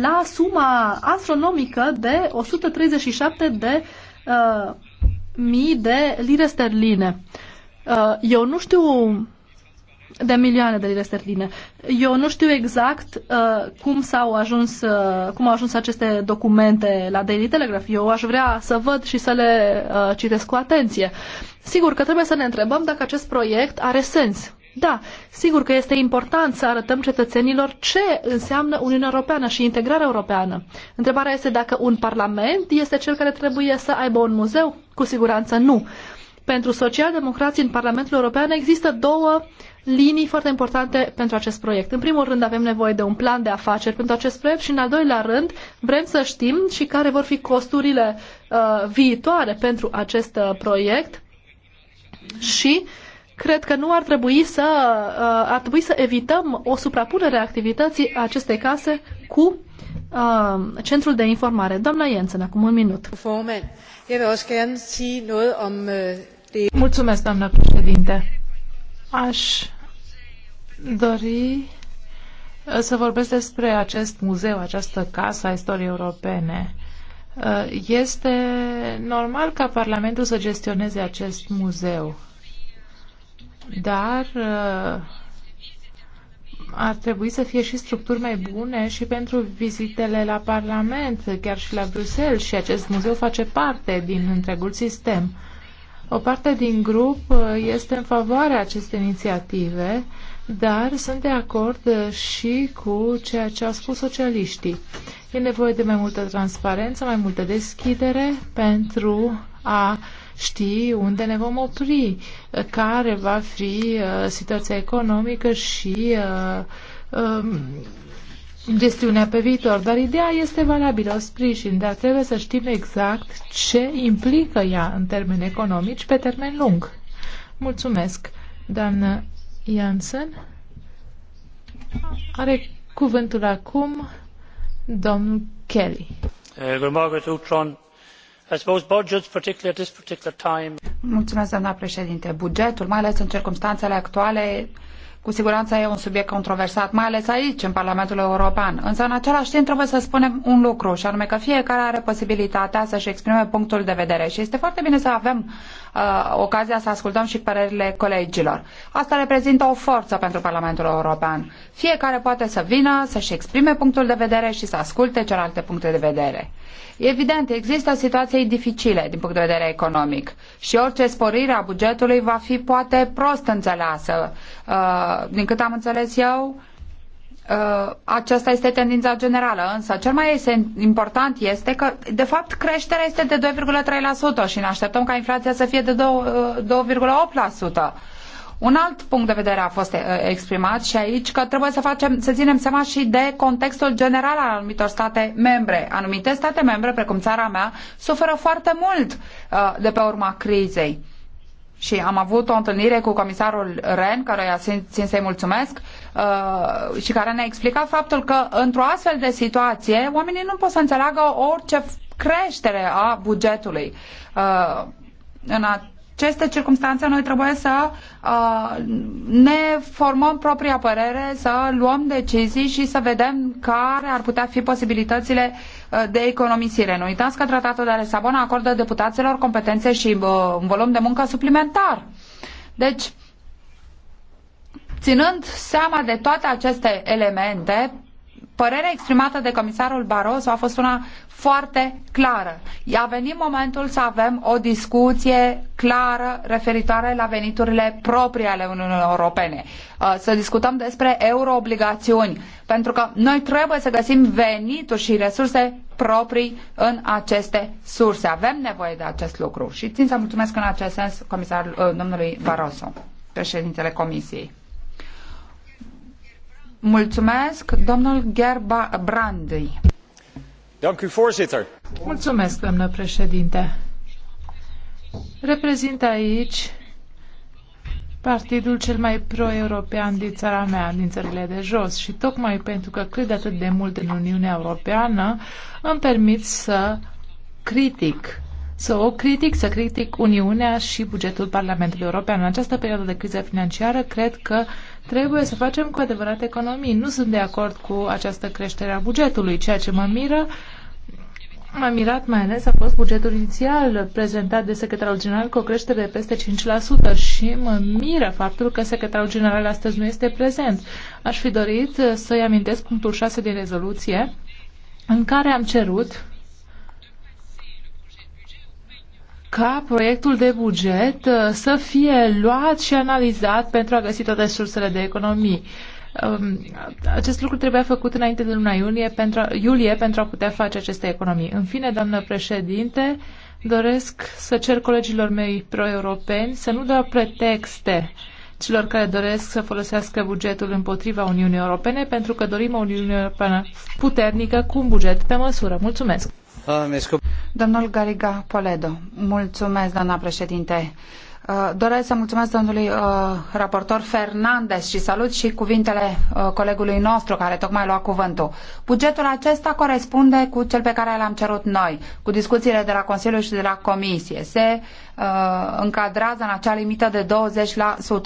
la suma astronomică de 137 de uh, mii de lire sterline. Uh, eu nu știu de milioane de lire sterline. Eu nu știu exact uh, cum s-au ajuns, uh, cum au ajuns aceste documente la Daily Telegraph. Eu aș vrea să văd și să le uh, citesc cu atenție. Sigur că trebuie să ne întrebăm dacă acest proiect are sens. Da, sigur că este important să arătăm cetățenilor ce înseamnă Uniunea Europeană și integrarea europeană. Întrebarea este dacă un parlament este cel care trebuie să aibă un muzeu? Cu siguranță nu. Pentru socialdemocrații în Parlamentul European există două uh, linii foarte importante pentru acest proiect. În primul rând avem nevoie de un plan de afaceri pentru acest proiect și în al doilea rând vrem să știm și care vor fi costurile uh, viitoare pentru acest uh, proiect și cred că nu ar trebui să uh, ar trebui să evităm o suprapunere a activității acestei case cu uh, centrul de informare. Doamna Jensen, acum un minut. Uh, Mulțumesc, doamna președinte. Aș dori uh, să vorbesc despre acest muzeu, această casă a istoriei europene. Uh, este normal ca Parlamentul să gestioneze acest muzeu, dar uh, ar trebui să fie și structuri mai bune și pentru vizitele la Parlament, chiar și la Bruxelles, și acest muzeu face parte din întregul sistem. O parte din grup uh, este în favoarea acestei inițiative, dar sunt de acord uh, și cu ceea ce au spus socialiștii. E nevoie de mai multă transparență, mai multă deschidere pentru a ști unde ne vom opri, uh, care va fi situația economică și um, gestiunea pe viitor, dar ideea este valabilă, o sprijin, dar trebuie să știm exact ce implică ea în termeni economici pe termen lung. Mulțumesc, doamnă Janssen Are cuvântul acum domnul Kelly. Eh, Mulțumesc, doamna președinte. Bugetul, mai ales în circunstanțele actuale, cu siguranță e un subiect controversat, mai ales aici, în Parlamentul European. Însă, în același timp, trebuie să spunem un lucru, și anume că fiecare are posibilitatea să-și exprime punctul de vedere. Și este foarte bine să avem uh, ocazia să ascultăm și părerile colegilor. Asta reprezintă o forță pentru Parlamentul European. Fiecare poate să vină, să-și exprime punctul de vedere și să asculte celelalte puncte de vedere. Evident, există situații dificile din punct de vedere economic și orice sporire a bugetului va fi poate prost înțeleasă. Uh, din cât am înțeles eu, Uh, aceasta este tendința generală, însă cel mai important este că, de fapt, creșterea este de 2,3% și ne așteptăm ca inflația să fie de 2,8%. Uh, Un alt punct de vedere a fost uh, exprimat și aici că trebuie să facem, să ținem seama și de contextul general al anumitor state membre. Anumite state membre, precum țara mea, suferă foarte mult de pe urma crizei și am avut o întâlnire cu comisarul Ren, care țin să-i mulțumesc, uh, și care ne-a explicat faptul că într-o astfel de situație oamenii nu pot să înțeleagă orice creștere a bugetului. Uh, în aceste circunstanțe noi trebuie să uh, ne formăm propria părere, să luăm decizii și să vedem care ar putea fi posibilitățile uh, de economisire. Nu uitați că tratatul de Lisabona acordă deputaților competențe și uh, un volum de muncă suplimentar. Deci, ținând seama de toate aceste elemente, Părerea exprimată de comisarul Barroso a fost una foarte clară. A venit momentul să avem o discuție clară referitoare la veniturile proprii ale Uniunii Europene. Uh, să discutăm despre euroobligațiuni, pentru că noi trebuie să găsim venituri și resurse proprii în aceste surse. Avem nevoie de acest lucru și țin să mulțumesc în acest sens comisarul, uh, domnului Barroso, președintele Comisiei. Mulțumesc, domnul Gerba Brandei. Mulțumesc, doamnă președinte. Reprezint aici partidul cel mai pro-european din țara mea, din țările de jos. Și tocmai pentru că cred atât de mult în Uniunea Europeană, îmi permit să critic să o critic, să critic Uniunea și bugetul Parlamentului European. În această perioadă de criză financiară, cred că uh, Trebuie să facem cu adevărat economii. Nu sunt de acord cu această creștere a bugetului. Ceea ce mă miră M-a mirat mai ales a fost bugetul inițial prezentat de secretarul general cu o creștere de peste 5% și mă miră faptul că secretarul general astăzi nu este prezent. Aș fi dorit să-i amintesc punctul 6 din rezoluție în care am cerut ca proiectul de buget uh, să fie luat și analizat pentru a găsi toate sursele de economii. Um, acest lucru trebuia făcut înainte de luna iunie pentru, iulie pentru a putea face aceste economii. În fine, doamnă președinte, doresc să cer colegilor mei pro-europeni să nu dau pretexte celor care doresc să folosească bugetul împotriva Uniunii Europene, pentru că dorim o Uniune Europeană puternică cu un buget pe măsură. Mulțumesc! Ah, Domnul Gariga Poledo, mulțumesc, doamna președinte. Uh, doresc să mulțumesc domnului uh, raportor Fernandez și salut și cuvintele uh, colegului nostru care tocmai lua cuvântul. Bugetul acesta corespunde cu cel pe care l-am cerut noi, cu discuțiile de la Consiliu și de la Comisie. Se uh, încadrează în acea limită de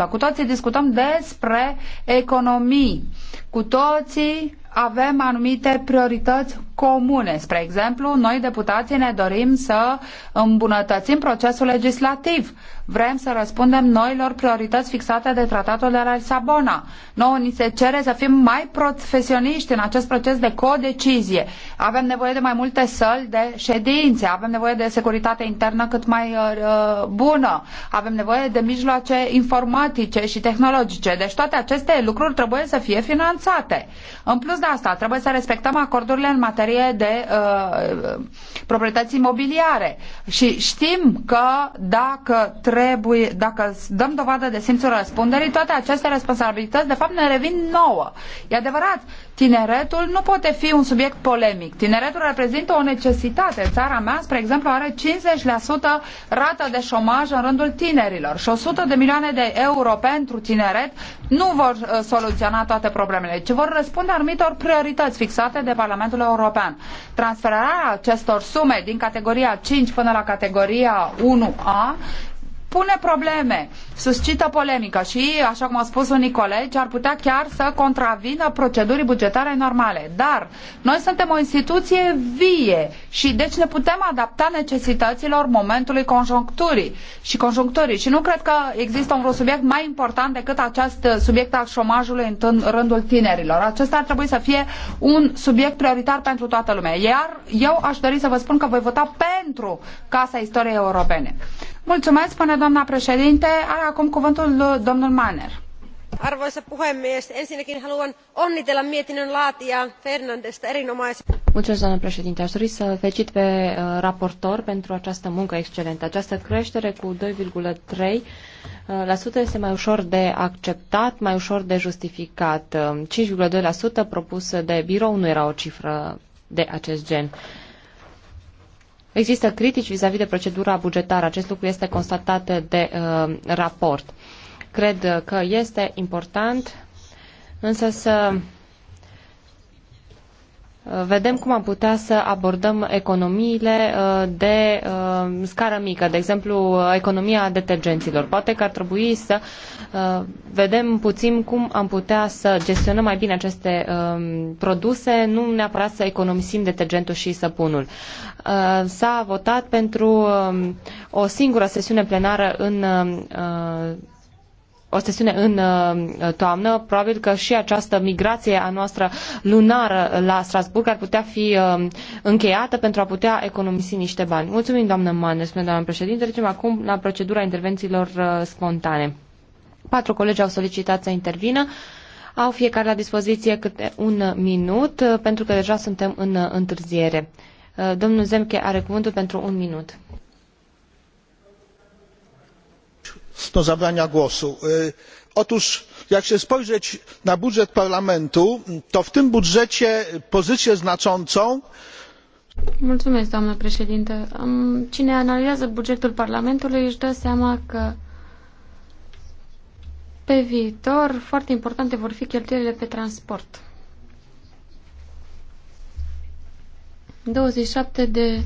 20%. Cu toții discutăm despre economii. Cu toții avem anumite priorități comune. Spre exemplu, noi deputații ne dorim să îmbunătățim procesul legislativ. Vrem să răspundem noilor priorități fixate de tratatul de la Lisabona. Noi ni se cere să fim mai profesioniști în acest proces de codecizie. Avem nevoie de mai multe săli de ședințe, avem nevoie de securitate internă cât mai uh, uh bună, avem nevoie de mijloace informatice și tehnologice. Deci toate aceste lucruri trebuie să fie finanțate. În plus de asta, trebuie să respectăm acordurile în materie materie de uh, proprietăți imobiliare. Și știm că dacă trebuie, dacă dăm dovadă de simțul răspunderii, toate aceste responsabilități de fapt ne revin nouă. E adevărat Tineretul nu poate fi un subiect polemic. Tineretul reprezintă o necesitate. Țara mea, spre exemplu, are 50% rată de șomaj în rândul tinerilor și 100 de milioane de euro pentru tineret nu vor uh, soluționa toate problemele, ci vor răspunde anumitor priorități fixate de Parlamentul European. Transferarea acestor sume din categoria 5 până la categoria 1A pune probleme, suscită polemică și, așa cum au spus unii colegi, ar putea chiar să contravină procedurii bugetare normale. Dar noi suntem o instituție vie și deci ne putem adapta necesităților momentului conjuncturii și conjuncturii. Și nu cred că există un subiect mai important decât acest subiect al șomajului în rândul tinerilor. Acesta ar trebui să fie un subiect prioritar pentru toată lumea. Iar eu aș dori să vă spun că voi vota pentru Casa Istoriei Europene. Mulțumesc, spune doamna președinte. Are acum cuvântul uh, domnul Maner. Arvoisa puhemies, ensinnäkin haluan onnitella mietinnön laatijaa Fernandesta erinomaisesta. Mulțumesc, doamnă președinte. Aș dori să felicit pe uh, raportor pentru această muncă excelentă. Această creștere cu 2,3 uh, la sută este mai ușor de acceptat, mai ușor de justificat. 5,2% propus de birou nu era o cifră de acest gen. Există critici vis-a-vis -vis de procedura bugetară. Acest lucru este constatat de uh, raport. Cred că este important însă să vedem cum am putea să abordăm economiile uh, de uh, scară mică, de exemplu economia detergenților. Poate că ar trebui să uh, vedem puțin cum am putea să gestionăm mai bine aceste um, produse, nu neapărat să economisim detergentul și săpunul. S-a votat pentru um, o singură sesiune plenară în o sesiune în uh, toamnă, probabil că și această migrație a noastră lunară la Strasburg ar putea fi uh, încheiată pentru a putea economisi niște bani. Mulțumim, doamnă Manes, doamnă președinte. Trecem acum la procedura intervențiilor uh, spontane. Patru colegi au solicitat să intervină. Au fiecare la dispoziție câte un minut, pentru că deja suntem în întârziere. Domnul Zemche are cuvântul pentru un minut. do zabrania głosu. otóż jak się spojrzeć na budżet parlamentu to w tym budżecie pozycję znaczącą cine analizează bugetul parlamentului își dă seama că pe viitor foarte importante vor fi cheltuielile pe transport. Douăzeci și 27 de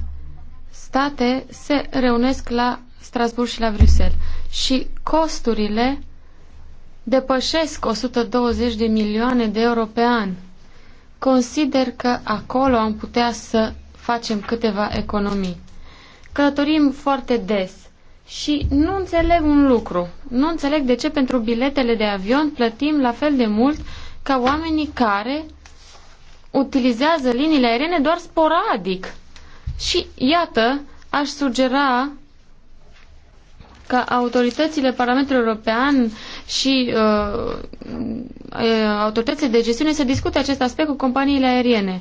state se reunesc la Strasbourg și la Bruxelles și costurile depășesc 120 de milioane de euro pe an. Consider că acolo am putea să facem câteva economii. Călătorim foarte des și nu înțeleg un lucru. Nu înțeleg de ce pentru biletele de avion plătim la fel de mult ca oamenii care utilizează liniile aeriene doar sporadic. Și iată, aș sugera ca autoritățile Parlamentului European și uh, autoritățile de gestiune să discute acest aspect cu companiile aeriene.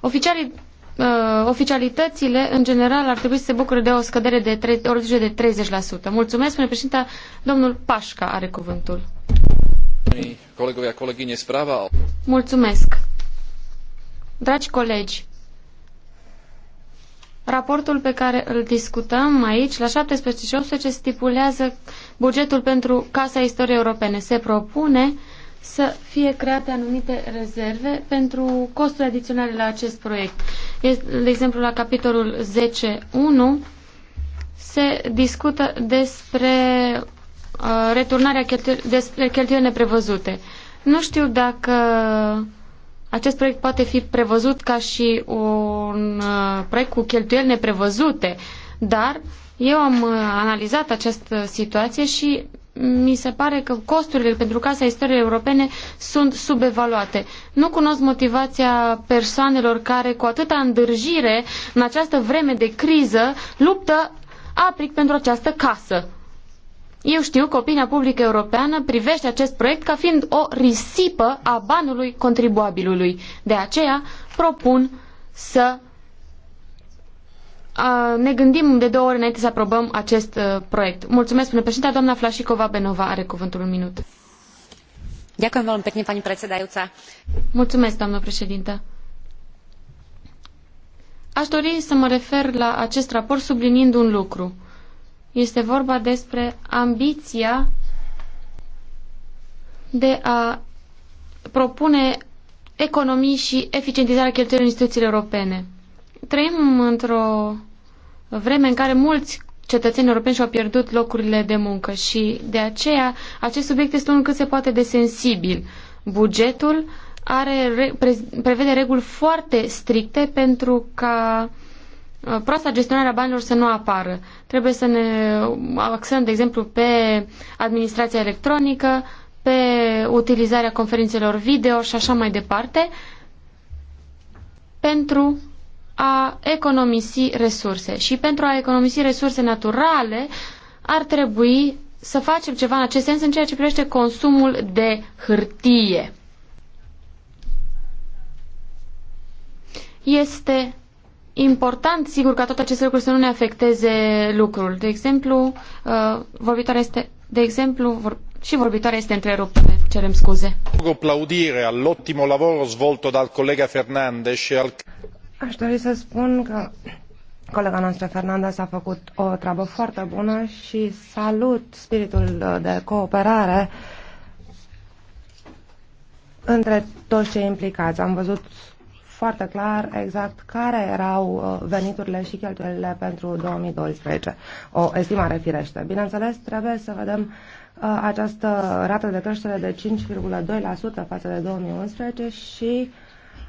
Oficialii uh, oficialitățile, în general, ar trebui să se bucure de o scădere de o reducere de 30%. Mulțumesc, spune președinta, domnul Pașca are cuvântul. Mulțumesc. Dragi colegi, Raportul pe care îl discutăm aici, la 17 și stipulează bugetul pentru Casa Istoriei Europene. Se propune să fie create anumite rezerve pentru costuri adiționale la acest proiect. De exemplu, la capitolul 10.1 se discută despre uh, returnarea cheltu- despre Nu știu dacă acest proiect poate fi prevăzut ca și un uh, proiect cu cheltuieli neprevăzute, dar eu am uh, analizat această situație și mi se pare că costurile pentru Casa Istoriei Europene sunt subevaluate. Nu cunosc motivația persoanelor care cu atâta îndârjire în această vreme de criză luptă apric pentru această casă. Eu știu că opinia publică europeană privește acest proiect ca fiind o risipă a banului contribuabilului. De aceea propun să ne gândim de două ori înainte să aprobăm acest uh, proiect. Mulțumesc, până președinte. Doamna Flașicova Benova are cuvântul un minut. Mulțumesc, doamnă președintă. Aș dori să mă refer la acest raport subliniind un lucru. Este vorba despre ambiția de a propune economii și eficientizarea cheltuielor instituțiile europene. Trăim într-o vreme în care mulți cetățeni europeni și-au pierdut locurile de muncă și de aceea acest subiect este unul cât se poate de sensibil. Bugetul are, prevede reguli foarte stricte pentru ca uh, Uh, proasta gestionarea banilor să nu apară. Trebuie să ne axăm, de exemplu, pe administrația electronică, pe utilizarea conferințelor video și așa mai departe, pentru a economisi resurse. Și pentru a economisi resurse naturale, ar trebui să facem ceva în acest sens în ceea ce privește consumul de hârtie. Este important, sigur, ca toate aceste lucruri să nu ne afecteze lucrul. De exemplu, uh, vorbitoarea este, de exemplu, vor, și vorbitoarea este întreruptă. Cerem scuze. Plaudire all'ottimo lavoro svolto dal collega Fernandez și al... Aș dori să spun că colega noastră Fernanda s a făcut o treabă foarte bună și salut spiritul uh, de cooperare între toți cei implicați. Am văzut foarte clar exact care erau uh, veniturile și cheltuielile pentru 2012. O estimare firește. Bineînțeles, trebuie să vedem uh, această rată de creștere de 5,2% față de 2011 și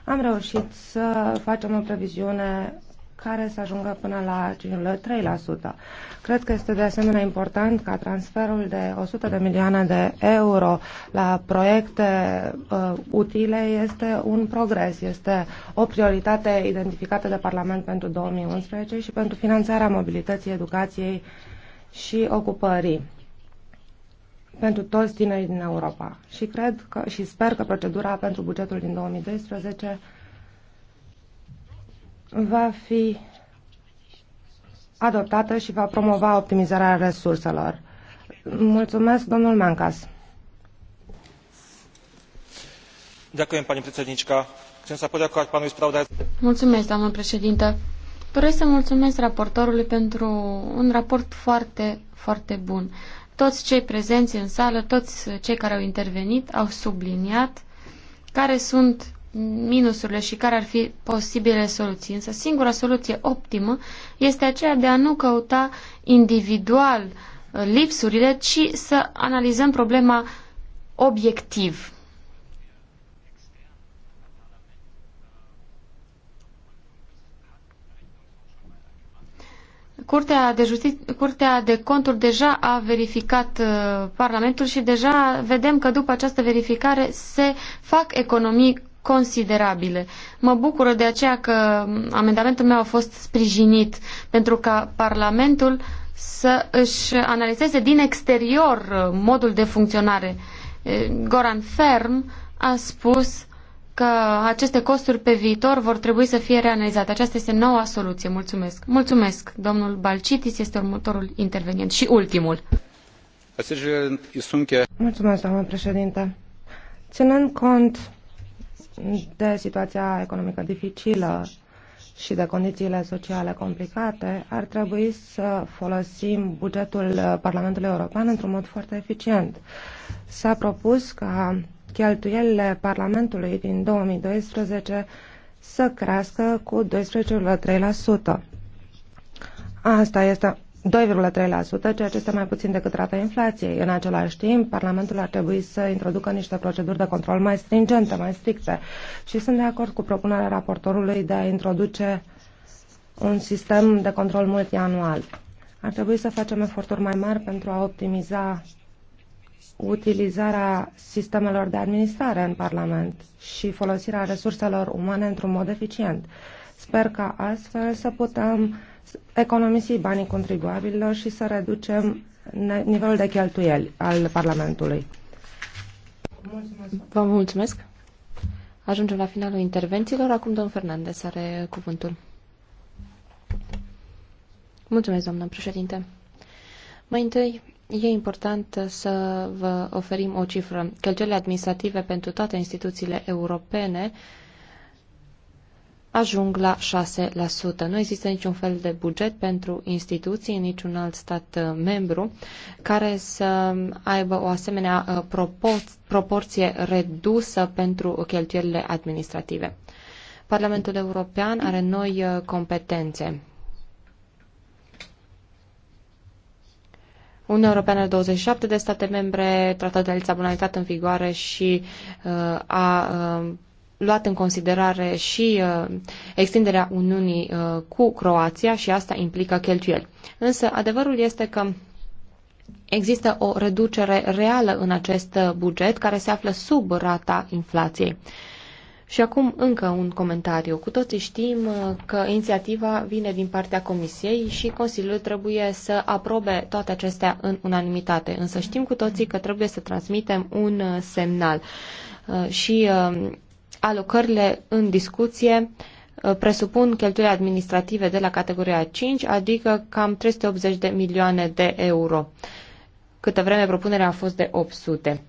am reușit să facem o previziune care să ajungă până la 3%. Cred că este de asemenea important ca transferul de 100 de milioane de euro la proiecte uh, utile este un progres, este o prioritate identificată de Parlament pentru 2011 și pentru finanțarea mobilității, educației și ocupării pentru toți tinerii din Europa. Și cred că, și sper că procedura pentru bugetul din 2012 va fi adoptată și va promova optimizarea resurselor. Mulțumesc, domnul Mancas. Ďakujem, pani predsednička. Chcem sa poďakovať pánovi spravodajcu. Mulțumesc, doamnă președintă. Doresc să mulțumesc raportorului pentru un raport foarte, foarte bun. Toți cei prezenți în sală, toți cei care au intervenit, au subliniat care sunt minusurile și care ar fi posibile soluții. Însă singura soluție optimă este aceea de a nu căuta individual uh, lipsurile, ci să analizăm problema obiectiv. Curtea de, Justi- Curtea de Conturi deja a verificat uh, Parlamentul și deja vedem că după această verificare se fac economii considerabile. Mă bucură de aceea că amendamentul meu a fost sprijinit pentru ca Parlamentul să își analizeze din exterior uh, modul de funcționare. Goran Ferm a spus că aceste costuri pe viitor vor trebui să fie reanalizate. Aceasta este noua soluție. Mulțumesc. Mulțumesc. Domnul Balcitis este următorul intervenient și ultimul. Mulțumesc, doamnă președinte. Ținând cont de situația economică dificilă și de condițiile sociale complicate, ar trebui să folosim bugetul Parlamentului European într-un mod foarte eficient. S-a propus ca cheltuielile Parlamentului din 2012 să crească cu 12,3%. Asta este 2,3%, ceea ce este mai puțin decât rata inflației. În același timp, Parlamentul ar trebui să introducă niște proceduri de control mai stringente, mai stricte. Și sunt de acord cu propunerea raportorului de a introduce un sistem de control multianual. Ar trebui să facem eforturi mai mari pentru a optimiza utilizarea sistemelor de administrare în Parlament și folosirea resurselor umane într-un mod eficient. Sper că astfel să putem economisi banii contribuabililor și să reducem nivelul de cheltuieli al Parlamentului. Mulțumesc. Vă mulțumesc. Ajungem la finalul intervențiilor. Acum domnul Fernandez are cuvântul. Mulțumesc, doamnă președinte. Mai întâi, e important să vă oferim o cifră. Cheltuielile administrative pentru toate instituțiile europene ajung la 6%. Nu există niciun fel de buget pentru instituții, niciun alt stat uh, membru care să aibă o asemenea uh, proporție redusă pentru cheltuielile administrative. Parlamentul European are noi uh, competențe. Uniunea Europeană 27 de state membre, tratatul de Lisabona în vigoare și uh, a uh, luat în considerare și uh, extinderea Uniunii uh, cu Croația și asta implică cheltuieli. Însă adevărul este că există o reducere reală în acest uh, buget care se află sub rata inflației. Și acum încă un comentariu. Cu toții știm uh, că inițiativa vine din partea Comisiei și Consiliul trebuie să aprobe toate acestea în unanimitate. Însă știm cu toții că trebuie să transmitem un uh, semnal. Și alocările în discuție uh, presupun cheltuieli administrative de la categoria 5, adică cam 380 de milioane de euro. Câtă vreme propunerea a fost de 800.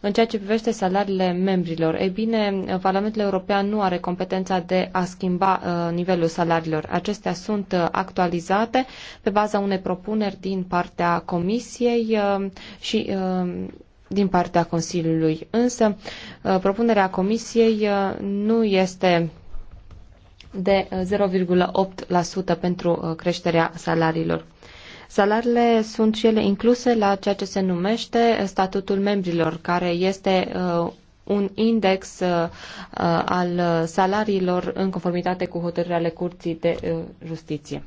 În ceea ce privește salariile membrilor, ei bine, uh, Parlamentul European nu are competența de a schimba uh, nivelul salariilor. Acestea sunt actualizate pe baza unei propuneri din partea Comisiei și din partea Consiliului. Însă, uh, propunerea Comisiei uh, nu este de 0,8% uh, pentru creșterea salariilor. Salariile sunt și ele incluse la ceea ce se numește statutul membrilor, care este un index al salariilor în conformitate cu hotărârea ale Curții de Justiție.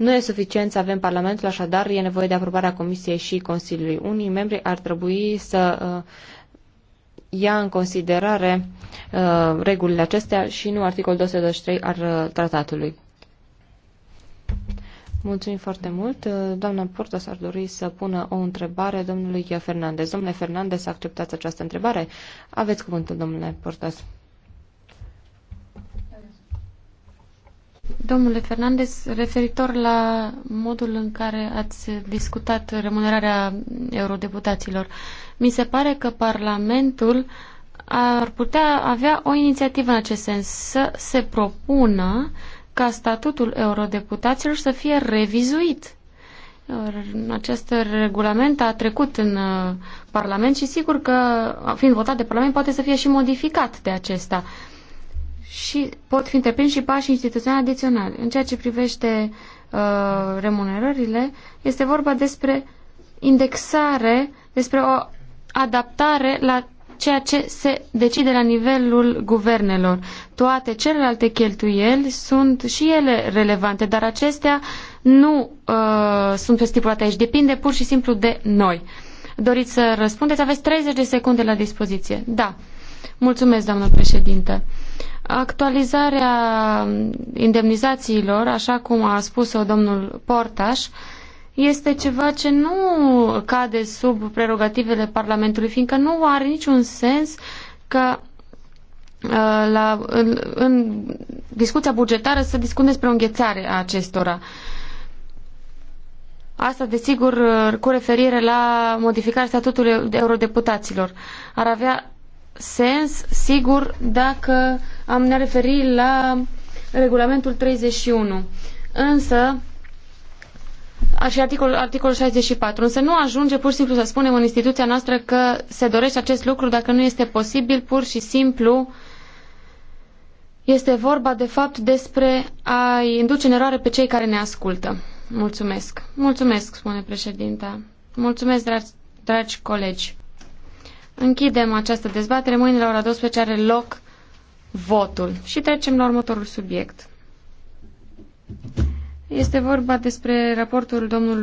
Nu e suficient să avem Parlamentul, așadar e nevoie de aprobarea Comisiei și Consiliului. Unii membri ar trebui să uh, ia în considerare uh, regulile acestea și nu articolul 223 al tratatului. Mulțumim foarte mult. Uh, doamna Portas ar dori să pună o întrebare domnului Fernandez. Domnule Fernandez, acceptați această întrebare? Aveți cuvântul, domnule Portas. Domnule Fernandez, referitor la modul în care ați discutat remunerarea eurodeputaților, mi se pare că Parlamentul ar putea avea o inițiativă în acest sens, să se propună ca statutul eurodeputaților să fie revizuit. Acest regulament a trecut în uh, Parlament și sigur că, fiind votat de Parlament, poate să fie și modificat de acesta și pot fi întreprinși și pași instituționali adiționali. În ceea ce privește uh, remunerările, este vorba despre indexare, despre o adaptare la ceea ce se decide la nivelul guvernelor. Toate celelalte cheltuieli sunt și ele relevante, dar acestea nu uh, sunt stipulate aici. Depinde pur și simplu de noi. Doriți să răspundeți? Aveți 30 de secunde la dispoziție. Da. Mulțumesc, doamnă președinte. Actualizarea indemnizațiilor, așa cum a spus-o domnul Portaș, este ceva ce nu cade sub prerogativele Parlamentului, fiindcă nu are niciun sens ca uh, la, în, în discuția bugetară să discutăm despre o înghețare a acestora. Asta, desigur, uh, cu referire la modificarea statutului eurodeputaților. Ar avea sens, sigur, dacă am ne referi la regulamentul 31. Însă, și articol, articolul 64. Însă nu ajunge pur și simplu să spunem în instituția noastră că se dorește acest lucru dacă nu este posibil, pur și simplu este vorba de fapt despre a induce în eroare pe cei care ne ascultă. Mulțumesc. Mulțumesc, spune președinta. Mulțumesc, dragi, dragi colegi. Închidem această dezbatere. Mâine la ora 12 are loc votul. Și trecem la următorul subiect. Este vorba despre raportul domnului